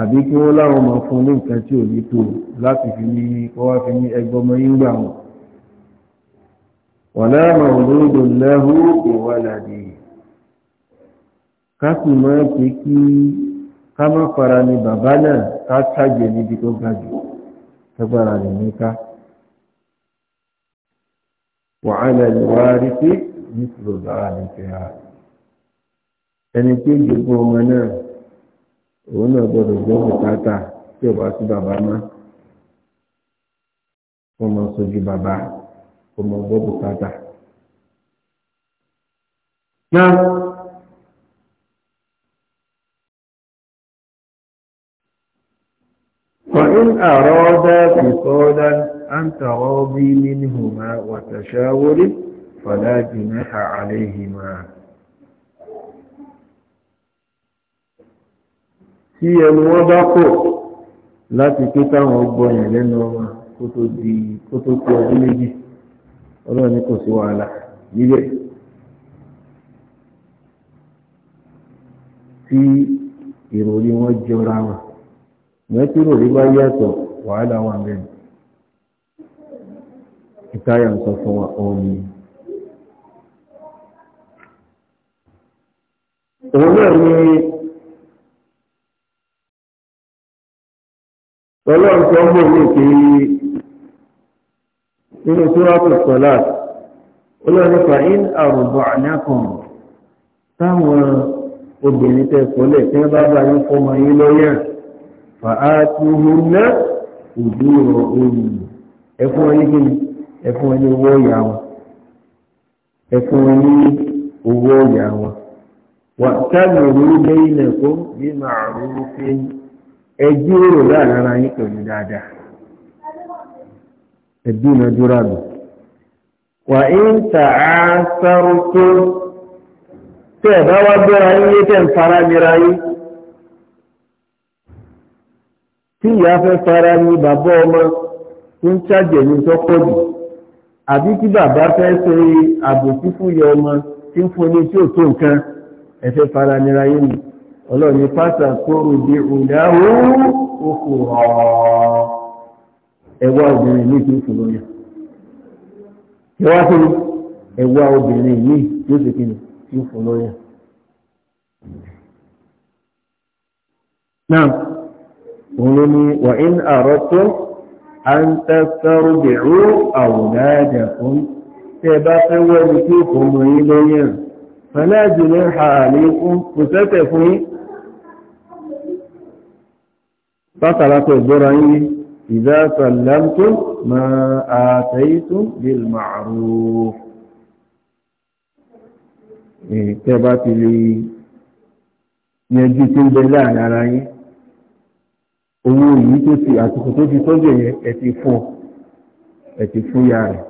àbí kí wọ́n láwọn máa fún ní nǹkan tí ò ní tó láti fi ní kọ́ fi ní ẹgbọ́mọ yín wọn. ولا مولود له بولده kásì máa ń pè kí ká má fara ní bàbá náà ká ṣàjẹ níbi tó ga jù tágbára rẹ̀ níká wàhálà ìwárí pé nítorí bàbá rẹ̀ fẹ́ ha ẹni tí ó jogún ọmọ náà òun náà gbọdọ̀ gbọ́ bùkátà tí ò bá sí bàbá má kó máa bàbá kò mọ̀ gbọ́ bùkátà. Náà فإن أرادا فصالا أن تراضي منهما وتشاور فلا جناح عليهما tí ẹnu wọn bá kò láti pé táwọn ọgbọ́n yẹn lẹ́nu ọmọ kó tó di kó tó kú ọdún méjì ọlọ́run ní kò sí wàhálà níbẹ̀ tí ìròrí wọn jọra wọn mẹ́tí ìròrí bá yàtọ̀ wàhálà wà mẹ́rin ìtayà ń sọ fún wa ọ̀hún òun náà ni ọlọ́run tó ń bọ̀ ní ìpínlẹ̀ nínú túrọ́pù sọ́láàtì a in àrùbọ̀ ànákùn táwọn obìnrin tẹ fọlẹ̀ tí wọ́n bá bá yín fọmọ yín na fà á ti hun náà ìdí ọ̀rọ̀ ya ẹ̀fún kí ni ẹ̀fún owó ọ̀yà wọn ẹ̀fún owó ọ̀yà wọn wà ẹ̀kọ́ bí láàárín yín pẹ̀lú dáadáa. ìdúnadúrà nù wà ń tà á sáró tó tẹ́ ẹ̀ bá wá gbéra yíyé tẹ́ ń fara nira yí tí ìyá fẹ́ fara ní bàbá ọmọ ń ṣàjẹ̀ ní tọ́pọ̀ jù àbí tí bàbá fẹ́ ṣe àbòkú fún ìyá ọmọ tí ń fún ní tí ò tó nǹkan ẹ̀fẹ́ fara nira yí ni ọlọ́ọ̀ni pásítà tó rò dé òdáwó òkú rọ̀ọ́. ẹwà obìnrin ní kí fún lóyún ẹwà ẹwà obìnrin yìí tí ó sì kí ni tí ó fún lóyún. náà òun ló wà ń àrọ́ bẹ̀rù fún ẹ bá fẹ́ wẹ́ni tí ó fún إذا سلمتم ما آتيتم بالمعروف tẹ́bá ti lè yanjú tí ń bẹ láàrin ara yín owó yìí tó ti àtìkò tó fi tọ́jú yẹn ẹ ti fún ẹ ti fún ya rẹ̀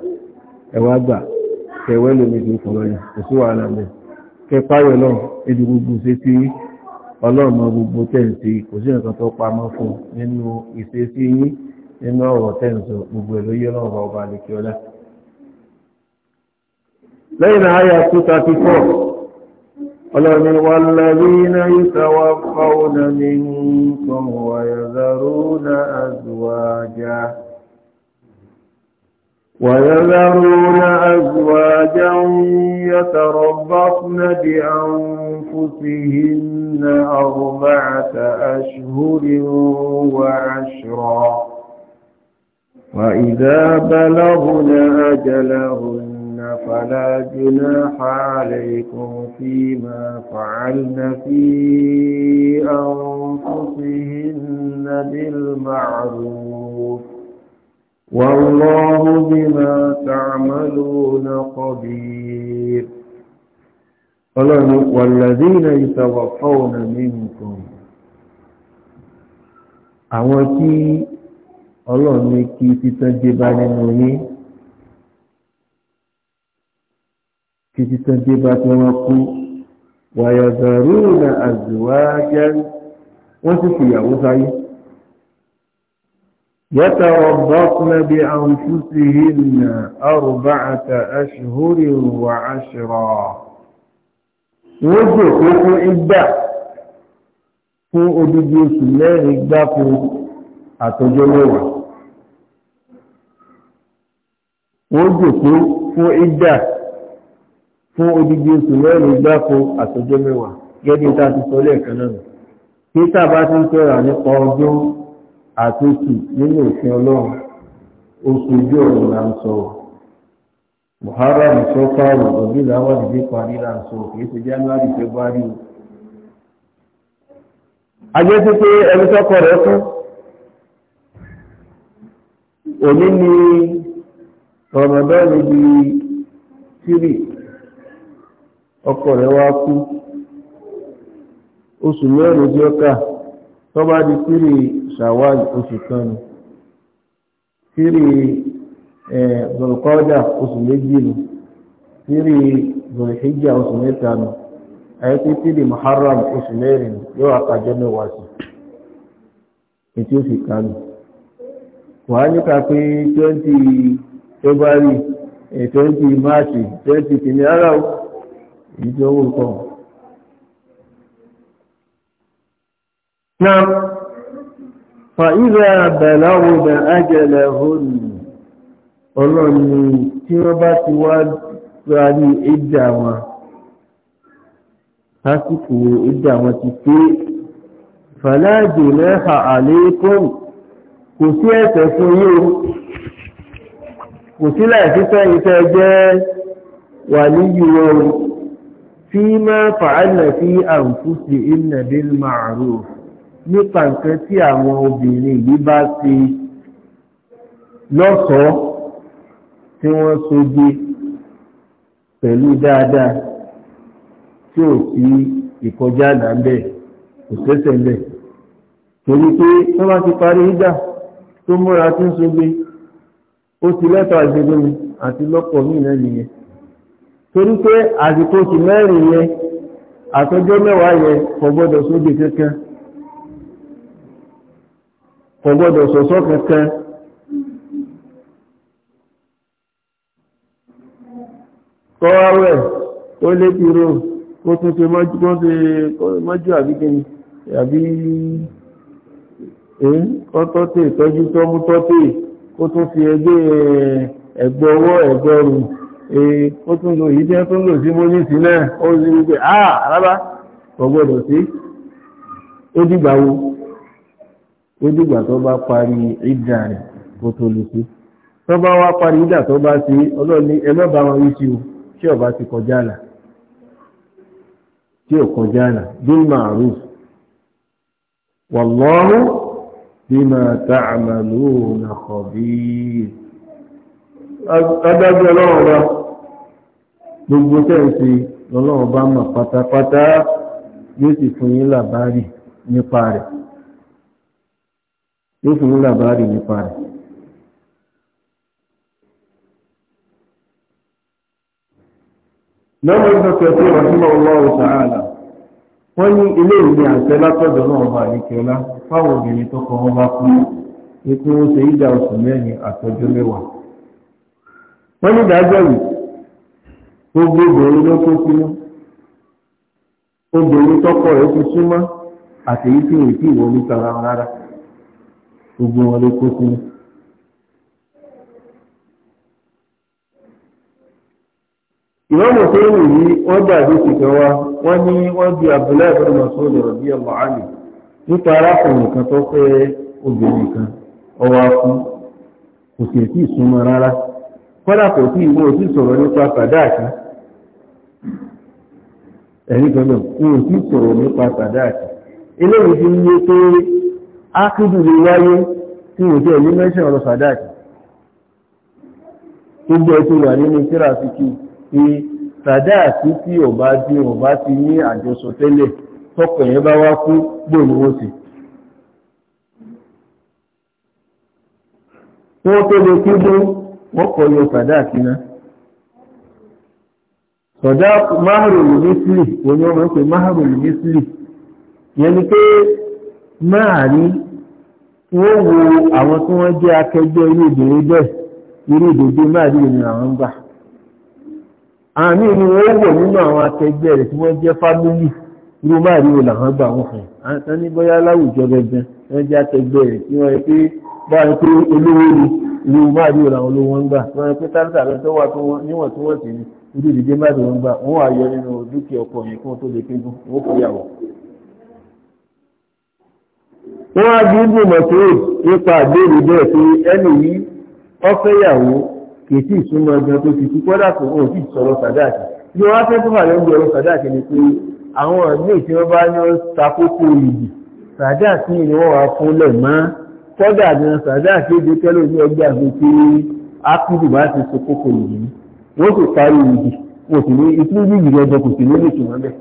ẹ wá gbà kẹwẹ́ lómi tó fọ̀rọ̀ yìí kò sí wàhálà mẹ́ kẹ páyọ̀ náà ẹdùn gbogbo ṣe ti ọlọ́run mọ gbogbo tẹ̀sí kò sí nǹkan tó pamọ́ fún nínú ìṣesí yín nínú ọ̀rọ̀ tẹ̀sí gbogbo ẹ̀ ló yẹ lọ́rọ̀ ọba àlèkè ọlá. lẹ́yìn náà àyà two thirty four ọlọ́run ni walladhina yatawaffawna minkum wa yadharuna azwaja. ويذرون أزواجا يتربصن بأنفسهن أربعة أشهر وعشرا وإذا بلغن أجلهن فلا جناح عليكم فيما فعلن في أنفسهن بالمعروف والله بما تعملون قدير والذين يتوفون منكم àwọn tí ọlọ́run ní kí títán dé bá nínú yín kí títán dé bá tí wọ́n kú wàyàgbàrúnà àzùwájẹ́ wọ́n sì fìyàwó sáyé يتربصن بأنفسهن أربعة أشهر وعشرا وجهه إباء fún odidi oṣù mẹ́rin gbáko àtọjọ́ mẹ́wàá wọ́n jòkó fún ìdá fún odidi oṣù mẹ́rin gbáko àtọjọ́ mẹ́wàá gẹ́gẹ́ tá a ti sọ bá ti ń sọ̀rọ̀ nípa ọjọ́ àtòkù nínú òfin ọlọ́run oṣù ojú ọ̀run là ń sọ muharram sọfàrò òbí làwọn ìdílé parí là ń sọ kìí ṣe january february o. ajẹ́ sí pé ẹni tọ́kọ rẹ̀ fún òní ni rọmọdọ́ọ̀nù di tírì ọkọ rẹ̀ wá kú oṣù mẹ́rin ọjọ́ ká tó bá di kiri ṣàwárí oṣù kan ni kiri zolkọ́dà oṣù méjì ni kiri zolhijja oṣù mẹ́ta ni àyẹ́kí kiri muharram oṣù mẹ́rin yóò àkàjọ mẹ́wàá sí ètí oṣù kan ni wàá nípa pé twenty february twenty march twenty kìnìún ara èyí tí ó wù kọ́ نعم فإذا بلغن أجلهن ọlọ́run ni tí wọ́n bá ti wá rárí ìdí àwọn lásìkò ìdí àwọn ti pé fàlájì lẹ́hà àléékùn kò sí ẹ̀ṣẹ̀ fún yíò kò sí láìsí sẹ́yìn tẹ́ jẹ́ wà níyù ọrùn tí máa fàálẹ̀ sí àǹfúsì ìnàbí màrúfù nípa nǹkan tí àwọn obìnrin yìí bá ti lọ́sọ̀ọ́ tí wọ́n sojú pẹ̀lú dáadáa tí ò sí ìkọjá àlà ń bẹ̀ kò sẹ́sẹ̀ ń bẹ̀ torí pé wọ́n bá ti parí ìdá tó múra tí ń sogbe ó ti lẹ́tọ̀ àgbẹ̀gbẹ̀mù àti lọ́pọ̀ míì náà nìyẹn torí pé àsìkò oṣù mẹ́rin yẹn àtọjọ́ mẹ́wàá yẹn kò gbọ́dọ̀ sóde kankan kò gbọ́dọ̀ sọ̀sọ́ kankan kọ́wáwẹ̀ ó lé pírò ó tún ṣe mọ́jú àbíkẹni àbí èyí kọ́ tọ́tẹ̀ tọ́jú tọ́mú tọ́tẹ̀ kó tún fi ẹgbẹ́ ẹ̀gbọ́ ọwọ́ ẹ̀gbọ́ ọrùn ó tún lò yìí tẹ́ tún lò sí mọ́ ní ìsìnlẹ̀ ó sì wípé ah, alábá kò gbọ́dọ̀ sí ó dìgbà wo ó dìgbà tó bá parí ìdà rẹ̀ kó tó lè ṣe tó bá wá parí ìdà tó bá ṣe ọlọ́ni ẹ má bá wọn wí sí o tí ọba ti kọjá àlà tí ò kọjá àlà bil ma'ruf wallahu bima ta'maluna khabir adájọ́ ọlọ́run wa gbogbo tẹ́ǹsì lọ́lọ́run bá mọ̀ pátápátá yóò sì fún yín làbárì nípa rẹ̀ sai su yi labari ne fara lọ́wọ́ ìgbà pẹ̀lú ìrọ̀lọ́wọ́ ọlọ́wọ́ sàárà wọ́n ní ilé ìwé àṣẹ látọ̀dọ̀ náà fáwọn obìnrin tó kọ́ wọn bá ikú ó ṣe ìdá oṣù mẹ́rin àtọ́jú mẹ́wàá wọ́n ní ìdájọ́ yìí gbogbo obìnrin ló kó símọ́ obìnrin tọ́kọ rẹ̀ ti súnmọ́ àtẹ̀yí tí rárá gbogbo wọn ló kó sí. ìmáàmù tó ń wù yí wọ́n dàbí ṣìkẹ́ wa wọ́n ní wọ́n di abdullahi bin masoud nípa arákùnrin kan tó fẹ́ obìnrin kan ọwọ́ akú kò sì tí ì rárá kọ́dà kò tí nípa sàdáàkì nípa ákìdù lè wáyé tí wò jẹ́ ní mẹ́ṣẹ́ ọ̀rọ̀ sàdáàkì gbogbo ẹ̀ ti wà nínú kíra sí kí tí ò bá ò bá ti ní àjọsọ tẹ́lẹ̀ tọ́pọ̀ bá wá kú gbòòrò wọ́n tó lè kí bó wọ́n kọ yọ wọ́n wo àwọn tí wọ́n jẹ́ akẹgbẹ́ irú ìdòwò bẹ́ẹ̀ irú ìdòdó máa rí ìrìn àwọn gbà àmì ni wọ́n wò nínú àwọn akẹgbẹ́ rẹ̀ tí wọ́n jẹ́ fámílì irú máa rí ìrìn àwọn gbà wọn fún un ní bóyá láwùjọ gẹ́gẹ́ wọ́n jẹ́ akẹgbẹ́ rẹ̀ tí wọ́n pé báyìí pé olówó ni irú máa rí ìrìn àwọn olówó wọn gbà wọ́n pé táríkà lọ tó wà níwọ̀n tí wọ́n sì ní irú ìdòdó máa rí wọn gbà wọ́n wọ́n á bí ibù mọ̀tòrò nípa àgbèrè bẹ́ẹ̀ pé ẹni yìí ọfẹ́yàwó kì í sí ìsúnmọ́ ẹgbẹ́ tó ti kú kọ́dà tó hàn sí ìsọ̀rọ̀ sàdáàkì bí wọ́n á fẹ́ tó fàlẹ́ oúnjẹ ọ̀rọ̀ sàdáàkì ni pé àwọn míì tí wọ́n bá ní ọ́ takókò ìdì sàdáàkì ni wọ́n wá fún lẹ̀ mọ́ kọ́dà gan sàdáàkì èdè kẹ́lò ní ọgbẹ́ àgbẹ̀ pé ápùdù bá ti so kókò ìdì wọ́n sì kò sì ní wọ́n bẹ́ẹ̀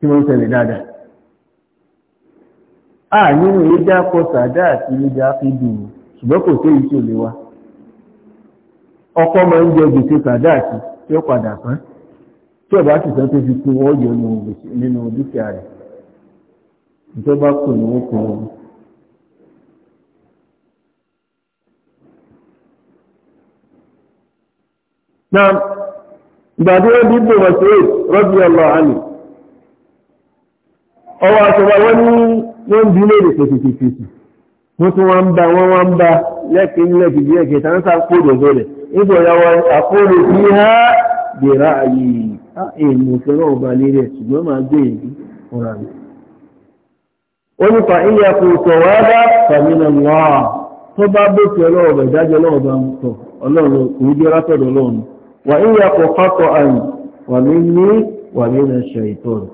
tí wọ́n ń dáadáa a nínú ìjà kọ sàdá àti ìjà fídù ṣùgbọ́n kò sí ìṣò lè wa ọkọ máa ń jẹ gbèsè sàdá àti tí ó padà pán tí ọba sì sàn tó fi kú wọ́n yọ nínú dúkìá rẹ̀ ìjọba kò ní wọ́n kọ wọn. náà ìgbàdí wọn bí bò wọ́n ń bí léèrè pèsèpèsè wọ́n tún wọ́n ń bá wọn wọ́n ń bá lẹ́kìn lẹ́kìn lẹ́kìn tán sá kó dòdò rẹ̀ ha dèrà ààyè èèmù fẹ́ràn ọba léèrè ṣùgbọ́n máa gbé èyí fúnra mi. ó ní fa ìyá kò bá bụ tó bá bóṣe ìdájọ́ ń kò ní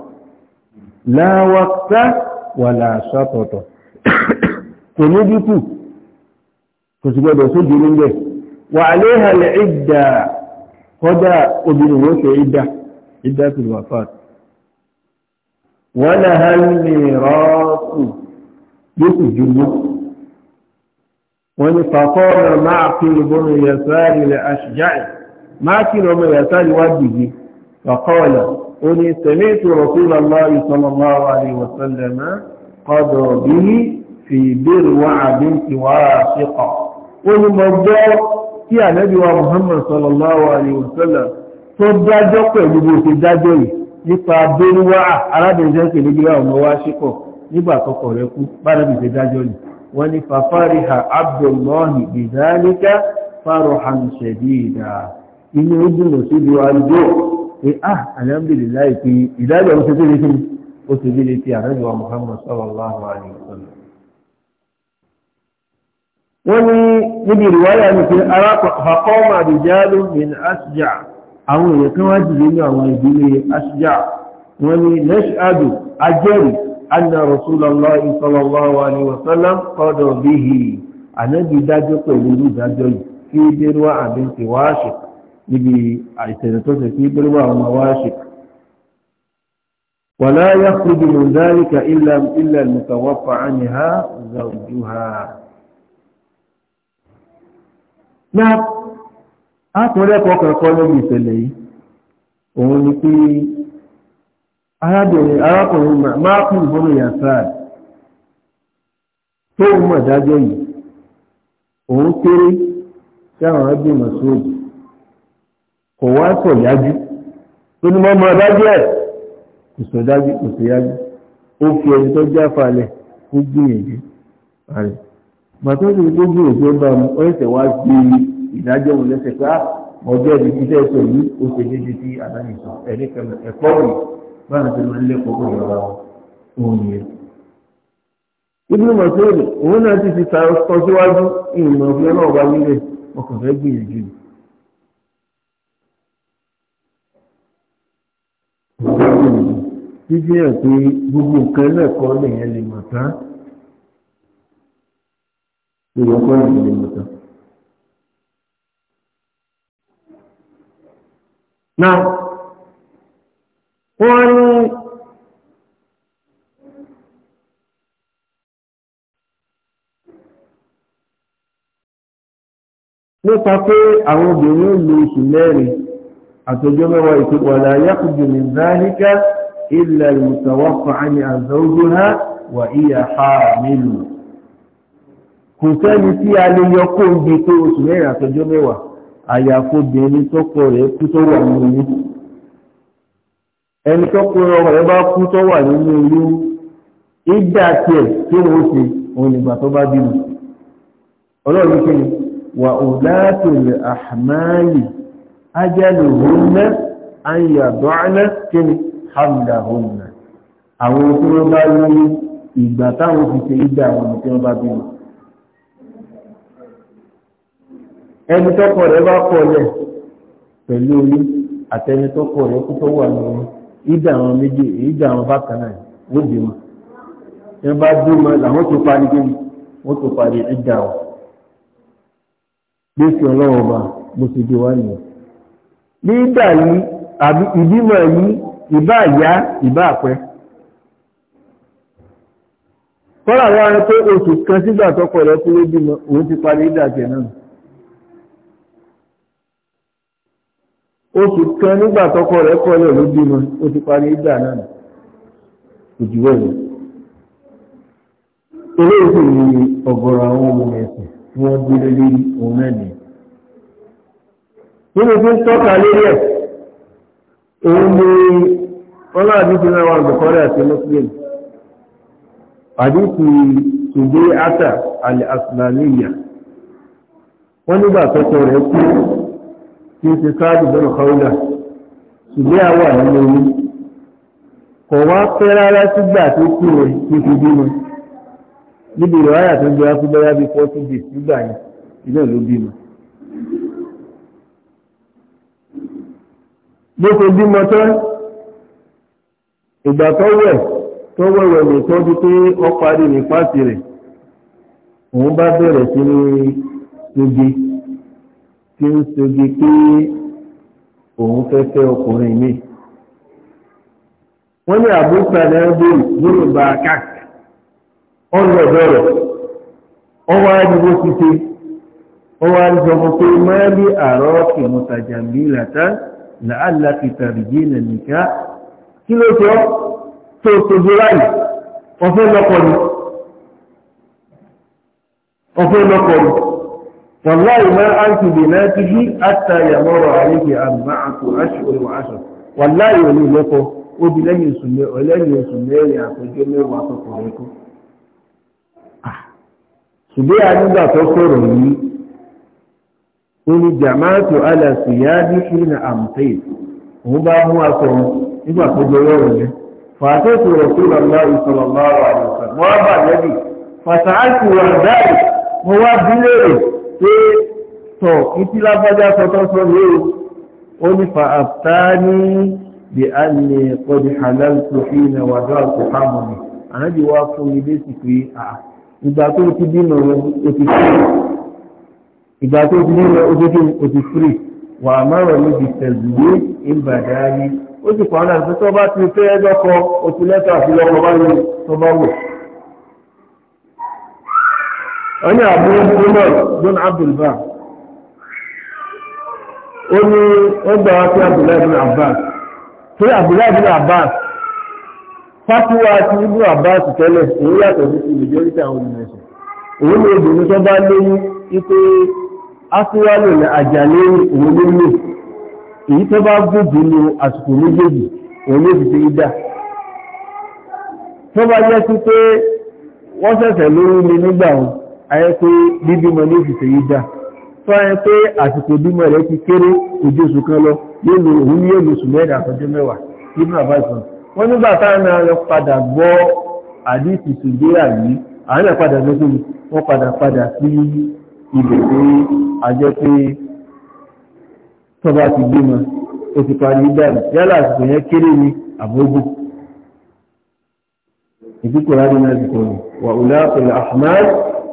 láwọ́pẹ́ wà láàṣọ́tọ̀tọ̀ kò ní díkù kò sì gbọdọ̀ sójú níbẹ̀ wà aléhàlẹ̀ ìdà kọ́dá obìnrin wọ́n fẹ́ ìdà ìdà tó wà fà wọ́n náà ní rọ́ọ̀kù yóò jù mọ́ wọ́n ni pàkọ́ máa kí ìbọn ìyẹ̀sáàrí rẹ̀ àṣìjáì máa kí ọmọ ìyẹ̀sáàrí wá dìde فقال أني سمعت رسول الله صلى الله عليه وسلم قضى به في بروع بنت واشقة والمرضى يا نبي محمد صلى الله عليه وسلم تدجọ́ pẹ̀lú bó ṣe dájọ́ yìí nípa bẹ́rúwá arábìnrin jẹ́ ìlúgbìlá ọmọ wá ṣíkọ̀ nígbà tọkọ rẹ̀ kú bárẹ́bì ṣe dájọ́ yìí wọ́n ni fàfáríhà abdullahi bidhalika farahan shadida inú ìdùnnú síbi wa lóò pé ah alhamdulillah pé ìdájọ́ ó ṣe bí létí ó ṣe bí létí àrẹ́bí Muhammad sallallahu alayhi wa sallam. wọ́n ní níbi ìrìwáyà ni pé arákọ̀ọ́mà rijalu min àwọn èèyàn kan wá jìlé ní àwọn ìdílé asjà wọ́n ní nashadu ajẹ́rì rasulallah sallallahu alayhi wa sallam qada bihi ànábì dájọ́ pẹ̀lú ìdájọ́ yìí kí dérúwà àbí ti níbi àìsẹ̀rẹ̀ tó ṣe sí bíríwà ọmọ wá ṣe wàlá yá kúrò ní dáríkà ilẹ̀ mùtàwọ́pà ánìhá zàjúhà náà ápùnrẹ́kọ̀ọ́ kẹ́kọ́ lórí ìṣẹ̀lẹ̀ yìí òun ni pé arábìnrin arákùnrin máa kún ìbọnú yàtàá tó mọ̀ dájọ́ yìí òun kéré sí àwọn ẹbí kò wá sọ yájú tó ní mọ́ máa dájú ẹ̀ kò sọ dájú kò sọ yájú ó fi ẹni tó já falẹ̀ kó gbìyànjú rẹ̀ bàtà tó ti gbójú òjò bá mu ó ẹsẹ̀ wá gbé ìdájọ́ òun lẹ́sẹ̀ pé ọjọ́ ah, ẹ̀dì ti tẹ́ sọ yìí ó ṣe déédéé sí àdáyé sọ ẹ̀rí ẹ̀kọ́ rẹ̀ báyìí ti máa ń lẹ́kọ̀ọ́ pẹ̀lú ara òun yẹn. ibùdó mọ̀sẹ́ẹ̀lì òun náà ti ti ta ọ síwájú ìrìnà òfin náà wá nílẹ̀ ọkàn fẹ́ gbìyànjú yìí fífi hàn pé gbogbo nǹkan lẹ́kọ̀ọ́ lèèyàn lè mọ̀ tán èèyàn kọ́ lèèyàn lè mọ̀ tán. náà wọ́n ní nípa pé àwọn obìnrin lò oṣù mẹ́rin àtọjọ́ mẹ́wàá ìpínpọ̀ ọ̀la yàkùjù ní záríkà إلا المتوفى عن زوجها وهي حامل kò sẹ́ni tí a lè yọ kó ń bí tó oṣù mẹ́rin àtọjọ́ mẹ́wàá àyàfóbìnrin tọ́kọ rẹ̀ kú tó wà nínú oyún ẹni tọ́kọ rẹ̀ bá kú tó wà nínú oyún ìgbà tiẹ̀ tí ó ṣe òun ìgbà tó bá bímọ ọlọ́run kí ni wà ulatul ahmali ajaluhunna an yad'ana kí ni hamdahunna àwọn tí wọ́n bá ní ìgbà táwọn fi ṣe ìgbà àwọn tí wọ́n bá bímọ ẹni tọ́kọ rẹ̀ bá kọlẹ̀ pẹ̀lú orí àtẹni tọ́kọ rẹ̀ kú tó wà ní ìdá àwọn méjì ìdá àwọn bákan náà ó bímọ tí wọ́n bá bímọ làwọn tó parí kí wọ́n tó parí ìdá wọn gbèsè ọlọ́wọ́ àbí ìbímọ yìí ìbá ìyá ìbá àpẹ kọ́lá wá rẹ pé oṣù kan sígbà tọ́pọ̀ rẹ kú ló bímọ òun ti parí ìdàjẹ̀ náà oṣù kan nígbà tọ́pọ̀ rẹ kọ́ lẹ̀ ló bímọ ó ti parí ìdà náà òjúwẹ̀ lọ eléyìí ni ọ̀gọ̀rọ̀ àwọn ohun ẹ̀sìn tí wọ́n gbé lórí òun náà nìyẹn nínú tí ń tọ́ka lórí ẹ̀ òun ni wọ́n láàbí ti náà wà bẹ̀kọ́rẹ́ àti muslim ata al-aslamiyya wọ́n nígbà tọ́tọ̀ ki kú tí ó ti su bẹ́rù awa na àwọ̀ àwọn orí kọ̀ wá pẹ́ rárá sígbà tó kú rẹ̀ kí fi bímọ bó ṣe bímọ tán ìgbà tó wẹ̀ tó wẹ̀wẹ̀ ní tọ́jú pé ó parí ní pàṣẹ rẹ̀ òun bá bẹ̀rẹ̀ sí ní ṣoge tí ń ṣoge pé òun fẹ́ fẹ́ ọkùnrin mi wọ́n ní àbúkà náà bèrè nínú bá a káàkiri ọ̀nà adigun ti ṣe ọwọ́ adigun pé máa bí àárọ̀ kìmùtàjà bí làtà làálà fi tàbíyé nà nìkà kí ló sọ tó sojú láyìí ọ̀fẹ́ lọ́kọ̀ ni ọ̀fẹ́ lọ́kọ̀ ni wàláyìí máa á ń tìbè náà ti bí àtàyà mọ́rọ̀ àyíkè àmà àkù aṣọ ní jamaatu ala siyadi hina amtai òun bá mú aṣọ nígbà tó jẹ lọ́rọ̀ yẹn fàtẹ́tù rọ̀sùlọ̀ láì sọ̀rọ̀ láwà àyọ̀sà mọ́ bà lẹ́bì fàtàkì wà dáì mo wá bí léèrè pé tọ̀ ìtí lágbájá sọtọ́ sọ léèrè ó ní fa àftáàní bí tó fi na wà dáà tó hàmù ni ànájì ìgbà tó ti nílẹ̀ ojú kí o ti firi wà á mọ̀rọ̀ níbi tẹ̀gbìwé ìbàdà ni ó sì pàánà pé tó bá ti fẹ́ lọ́kọ oṣù lẹ́tọ̀ àti lọ́kọ báyìí tó bá wò. wọ́n ní àbúrò gbọ́nà gbọ́nà abdulba ó ní ó gbà wá sí abdullahi bin abbas pé abdullahi bin abbas fatuwa ti ibu abbas tẹ́lẹ̀ òun yàtọ̀ sí ti majority àwọn olùmọ̀ẹ̀sìn òun ní obìnrin tó bá lóyún wípé aṣíwálò ní àjàlẹ́ òun ló tọba èyí tó bá gbòdì ní àsìkò méjèèjì òun ló fi ṣe tó bá jẹ́ sí pé wọ́n lórí mi nígbà wọn ayé pé bíbímọ ló fi tó pé àsìkò rẹ̀ ti kéré ojú oṣù kan lọ nínú òun mẹ́rin àtọ́jọ́ mẹ́wàá ibẹ̀ pé a jẹ́ pé tọ́ba ti gbímọ ó ti parí dànù yálà àsìkò yẹn kéré ní àbógùn ìdíkò rárá ní àsìkò rẹ̀ wà ó láàpẹ̀lẹ̀ ahmad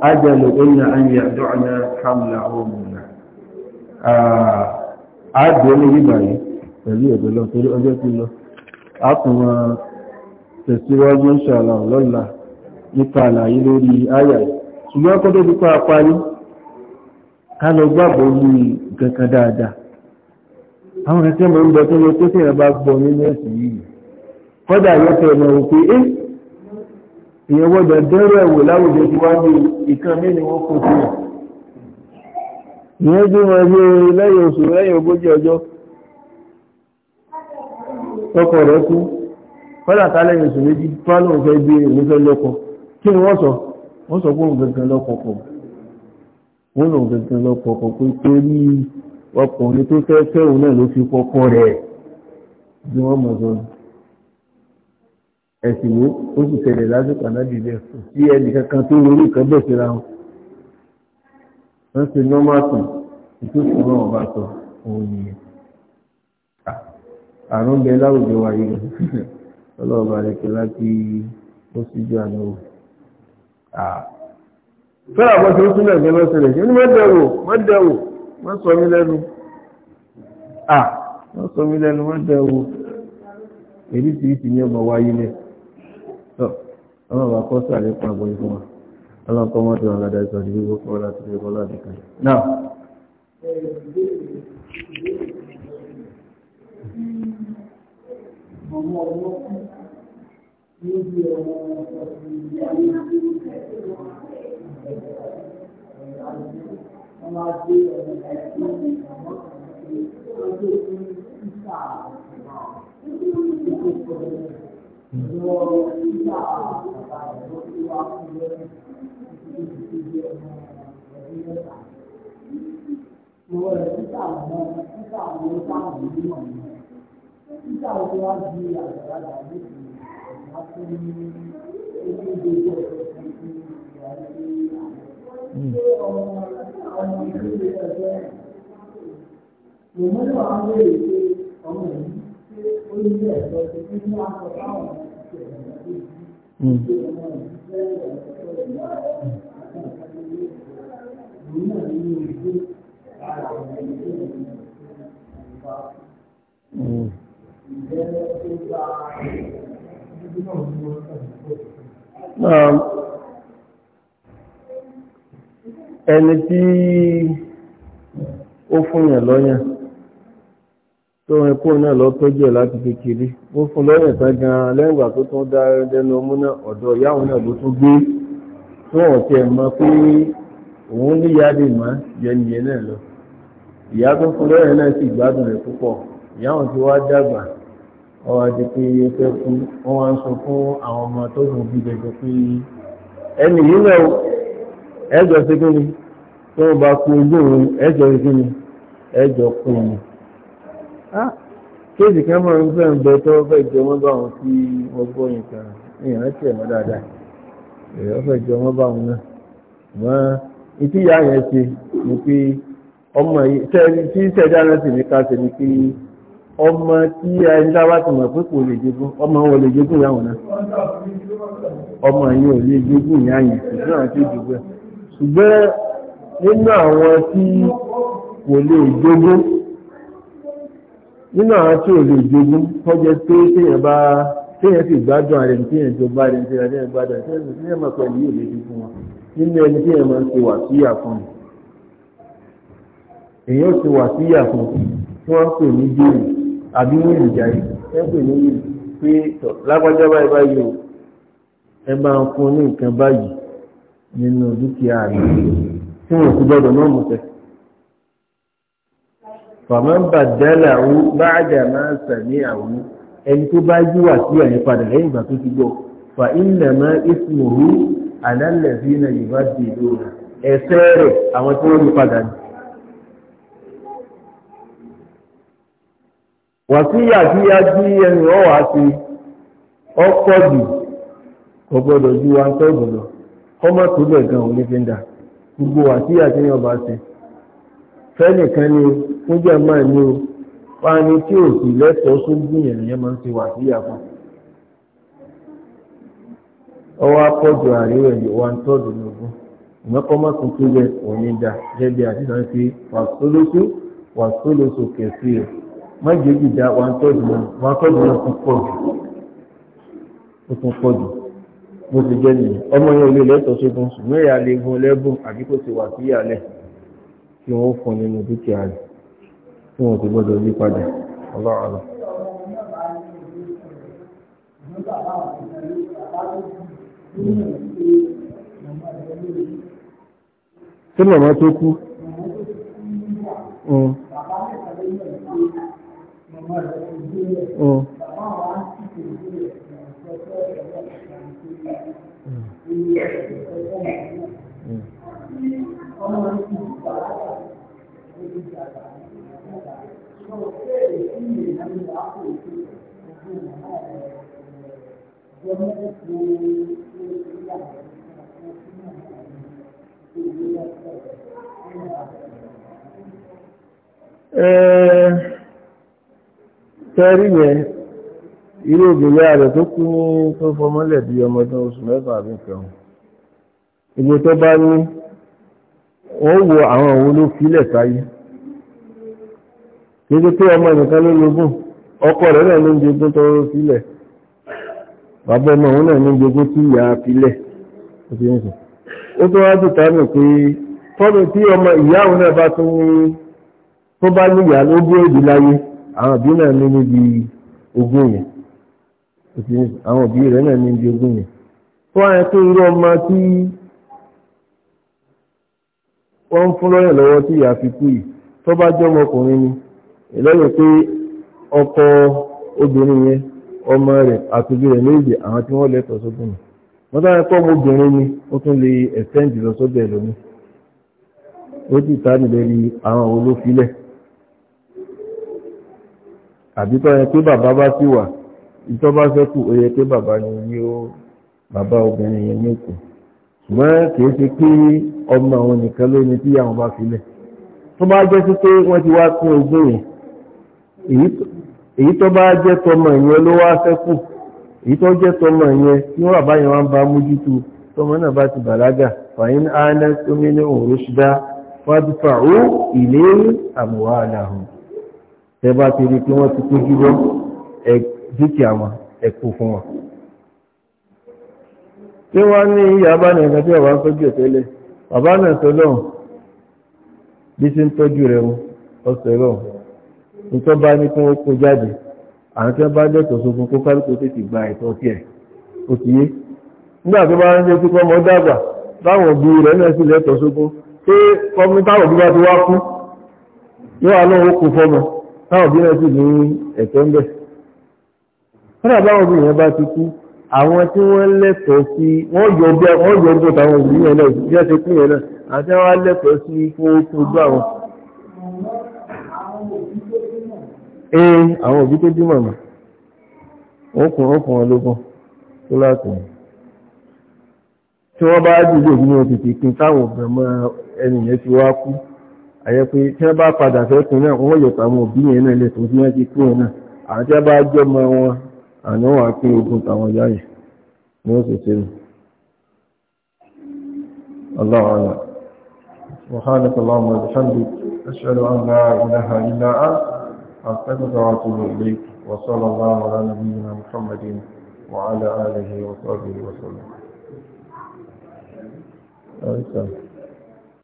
ajalo ẹ̀yìn àyè àdọ́ọ̀nà hamla ọmọlá àádọ́ ní bíbá yìí pẹ̀lú ẹ̀bẹ̀ lọ torí ọjọ́ ti lọ a tún wọn tẹ̀síwájú inshallah lọ́la nípa àlàyé lórí àyà ṣùgbọ́n kọ́tọ́ ti pa àparí ká lọ gbàgbọ́ lórí kankan dáadáa àwọn ẹ̀kẹ́ mọ̀ ń bọ̀ tó lọ tó tẹ̀yẹ̀ bá gbọ́ nínú ẹ̀sìn yìí kọ́dà yóò tẹ̀ mọ̀ wò pé ẹ́ èèyàn gbọ́dọ̀ dẹ́rọ̀ ẹ̀wò láwùjọ tí wá ní ìkan mí ni wọ́n kó sí ẹ̀ ìyẹn bí wọn ṣe lẹ́yìn oṣù lẹ́yìn ogójì ọjọ́ ọkọ rẹ̀ kú kọ́dà ká lẹ́yìn oṣù méjì tó fẹ́ gbé òun fẹ́ kí ni wọ́n sọ wọ́n sọ pé òun gangan lọ́kọ̀ọ̀kọ̀ọ̀ wọ́n lòun gangan lọ pọ̀pọ̀ pé torí ọkùnrin tó fẹ́ fẹ́ òun náà ló fi pọ́pọ́ rẹ̀ bí wọ́n mọ̀ sọ́nù ẹ̀sìn wo ó sì tẹ̀lé lásìkò ànábì bẹ́ẹ̀ kò sí ẹnì kankan tó lórí ìkan bẹ̀ síra wọn wọ́n ṣe nọ́màtì ìtòsùn náà bá sọ òun nìyẹn àrùn bẹ láwùjọ wa yìí *laughs* ọlọ́ọ̀bà rẹ̀ kí láti ó síjú àná fẹ́rẹ̀ àwọn tí ó túnlẹ̀ gẹ́ lọ́sẹ̀rẹ̀ kí ní mọ́dẹ̀wò mọ́dẹ̀wò wọ́n sọ mí lẹ́nu à wọ́n sọ mí lẹ́nu mọ́dẹ̀wò èyí tí ìtì ní ọmọ wáyé lẹ̀ tọ́ ọmọ bá kọ́ sí àlékún àbọ̀ ìfún wa ọlọ́kọ́ mọ́tò ọ̀làdà ìsọ̀ ní gbogbo kọ́ láti fi ọkọ̀ láti kàn náà. Ọmọ ọmọ ní ibi ọmọ ọmọ 我也是下午呢，一下午下午一晚，一下午就要去啊，给他讲一讲，他是，就是就是。Náà um, ẹni tí ó fúnyàn lọ́yàn tó rìn kó náà lọ tọ́jú ẹ̀ láti kékeré ó fún lọ́yàn tán gan-an lẹ́yìngbà tó tún dá ẹnu ọmú náà ọ̀dọ̀ ìyáwó náà ló tún gbé tó wọ́n tiẹ̀ mọ pé òun níyàá dè mọ́ yẹnìyẹn náà lọ ìyá tó fún lọ́yàn náà sì gbádùn rẹ̀ púpọ̀ ìyáwó ti wá dàgbà ọwọ́ àti pé ẹgbẹ́ fún wọn wá ń sọ fún àwọn ọmọ tó gùn bí ẹjọ́ sí kí ni tí wọ́n bá kú ojú òun ẹjọ́ sí kí ni ẹjọ́ kú ni. kéèsì kan máa ń fẹ́ ń bẹ tó fẹ́ jọ wọ́n bá wọn sí ọgbọ́ yìí kan èèyàn rántí ẹ̀ mọ́ dáadáa èèyàn fẹ́ jọ wọ́n bá wọn náà wọ́n ìtí ìyá yẹn ṣe ni pé ọmọ yìí tí sẹ́dá náà sì ní ká ṣe ni pé ọmọ tí ẹni dá wá ti mọ̀ pé kò lè jogún ọmọ wọn lè jogún ìyá wọn náà ọmọ yìí ò lè jogún ìyá yẹn ṣùgbọ́n àti ìdúgbò ẹ̀ ṣùgbọ́n nínú àwọn tí kò lè jogún nínú àwọn tí ò lè jogún tọ́jẹ́ pé téèyàn bá téèyàn sì gbádùn ààrẹ téèyàn tó bá rẹ̀ téèyàn téèyàn gbádùn ààrẹ téèyàn máa pẹ̀lú yóò lè fi fún wọn nínú ẹni téèyàn máa ń ṣe wà síyà fún un èèyàn ṣe wà síyà fún un tí wọ́n pè ní jèrè àbí wíìlì jáde ẹ pè ní pé lágbájá báyìí báyìí ẹ máa ń fún ní nǹkan báyìí nínú dúkìá rẹ̀ tí wọ́n kú gbọ́dọ̀ náà mú tẹ́. Fàmán bà dẹ́là ó bá dà máa sàmì àwọn ẹni tó bá yíwà sí ẹ̀yìn padà lẹ́yìn ìgbà tó ti gbọ́. Fà ilẹ̀ máa ismuhu àlálẹ̀ sí ilẹ̀ Yorùbá di ìlú rẹ̀. Ẹ̀sẹ̀ rẹ̀ àwọn tí wọ́n yí padà ní. Wàsíyà tí a jí ẹnu ọ̀wá sí ọ̀pọ̀ jù kò gbọ́dọ̀ ju wa ń tọ́ gbọ́dọ̀. kọ́mọ̀ tó bẹ̀ gan òní fi ń dà gbogbo àtíyà tí yàn ọba ṣe fẹ́nìkan ni fúnjẹ́ máa ní o wá ní tí ò sì lẹ́tọ̀ọ́ tó gbìyànjú yẹn máa ń ṣe wà síyà fún ọwọ́ apọ́jọ àríwẹ̀ yìí wà ń tọ́jú lógún ìmọ̀kọ́mọ́ tó tó yẹ òní dà jẹ́bi àti náà fi kẹfì má jẹ́ jìjà wà bó ti jẹ́ nìyí ọmọ yẹn olè lẹ́tọ̀ ṣogun ṣùgbọ́n ìyá lè gun lẹ́bùn àbí kò ti wà sí ìyàlẹ̀ kí wọ́n fún nínú dúkìá rẹ̀ tí wọ́n ti gbọ́dọ̀ yí padà ọlọ́ọ̀lọ́. Ṣé màmá tó kú? Mm. Mm. Ẹ̀ẹ́ tẹ́rí yẹn irú obìnrin rẹ̀ tó kú ní tó fọmọ́lẹ̀ bí ọmọdún oṣù mẹ́fà àbí nǹkan ibi tó bá ní wọ́n wo àwọn òun ló filẹ̀ sáyé kéde pé ọmọ nìkan ló lógún ọkọ rẹ̀ náà ló ń jogún tó filẹ̀ bàbá ọmọ òun náà ló ń jogún tí ìyá filẹ̀ ó ti ń sùn ó tó wá dùn tánù pé tọ́nu tí ọmọ ìyá òun náà bá tún ní tó bá níyà ló gbé òdì láyé àwọn àbí náà ní níbi ogún yẹn òtí àwọn òbí rẹ̀ náà ní ibi ogún yẹn tó wáyé pé irú ọmọ tí wọ́n ń fún lọ́yẹ̀ lọ́wọ́ tí ìyá fi kú yìí tó bá jẹ́ ọmọkùnrin ni ìlọ́yẹ̀ pé ọkọ obìnrin yẹn ọmọ rẹ̀ àtòbí rẹ̀ méjì àwọn tí wọ́n lẹ́tọ̀ọ́ sóbìnrin wọ́n dára pé ọmọ obìnrin ni ó tún lè ẹ̀sẹ́ǹdì lọ sóbẹ̀ lómi ó ti tàbí lórí àwọn olófilẹ̀ àbí tó yẹ pé bàbá bá sì wà ìjọba sẹ́kù ó yẹ pé bàbá ni ní ó bàbá obìnrin yẹn ní òkú ṣùgbọ́n kìí ṣe pé ọmọ àwọn nìkan ló ní tí àwọn bá filẹ̀ tó bá jẹ́ sí pé wọ́n ti wá pín ogún yẹn èyí tó bá jẹ́ tọmọ yẹn ló wá sẹ́kù èyí tó jẹ́ tọmọ yẹn tí wọ́n bàbá yẹn wá ń bá mójútó tọmọ náà bá ti bàlágà fàyín áná tó ní ní òun rúṣdá fàdúfà ó ìlérí àmúwá àdáhùn tẹ bá ti rí pé wọ́n ti pé jùlọ dúkìá wọn ẹ̀kú fún wọn tí wọ́n ní ìyá bá ní ẹ̀kan tí ọ̀bá ń tọ́jú ìtẹ́lẹ̀ bàbá náà sọ lọ́hùn bí sí ń tọ́jú rẹ̀ wọn ọ̀sẹ̀ lọ́hùn nítọ́ bá ní kí wọ́n kó jáde àwọn tí wọ́n bá dẹ̀tọ̀ sókun kó kálukú tètè gba ẹ̀tọ́ tiẹ̀ ó ti yé nígbà tó bá ń lé sí kọ́mọ dàgbà báwọn òbí rẹ̀ náà sì lẹ́tọ̀ sókun pé kọ́mọ táwọn òbí bá ti wá kú yóò wá lọ́wọ́ kó fọ́mọ táwọn òbí náà sì ní ẹ̀tọ́ ń bẹ̀ fún àbáwọn obìnrin bá ti kú àwọn tí wọ́n lẹ́tọ̀ọ́ sí wọ́n yọ bí wọ́n yọ bí ọ̀tà àwọn obìnrin náà bí wọ́n ti kú yẹn náà àti wọ́n lẹ́tọ̀ọ́ sí fún ojú àwọn. ee àwọn òbí tó bímọ mọ okùn okùn ológun tó láti tí wọ́n bá padà fẹ́ pin náà wọ́n yọ̀tà àwọn òbí yẹn náà lẹ́tọ̀ọ́ sí wọ́n ti kú yẹn náà àti wọ́n bá jọ́ mọ wọn àná wà pé ogun tàwọn yáyìn ni ó sì ṣe ní aláwọ̀lá أن لا إله إلا أنت أستغفرك وأتوب إليك وصلى الله على نبينا محمد وعلى آله وصحبه وسلم.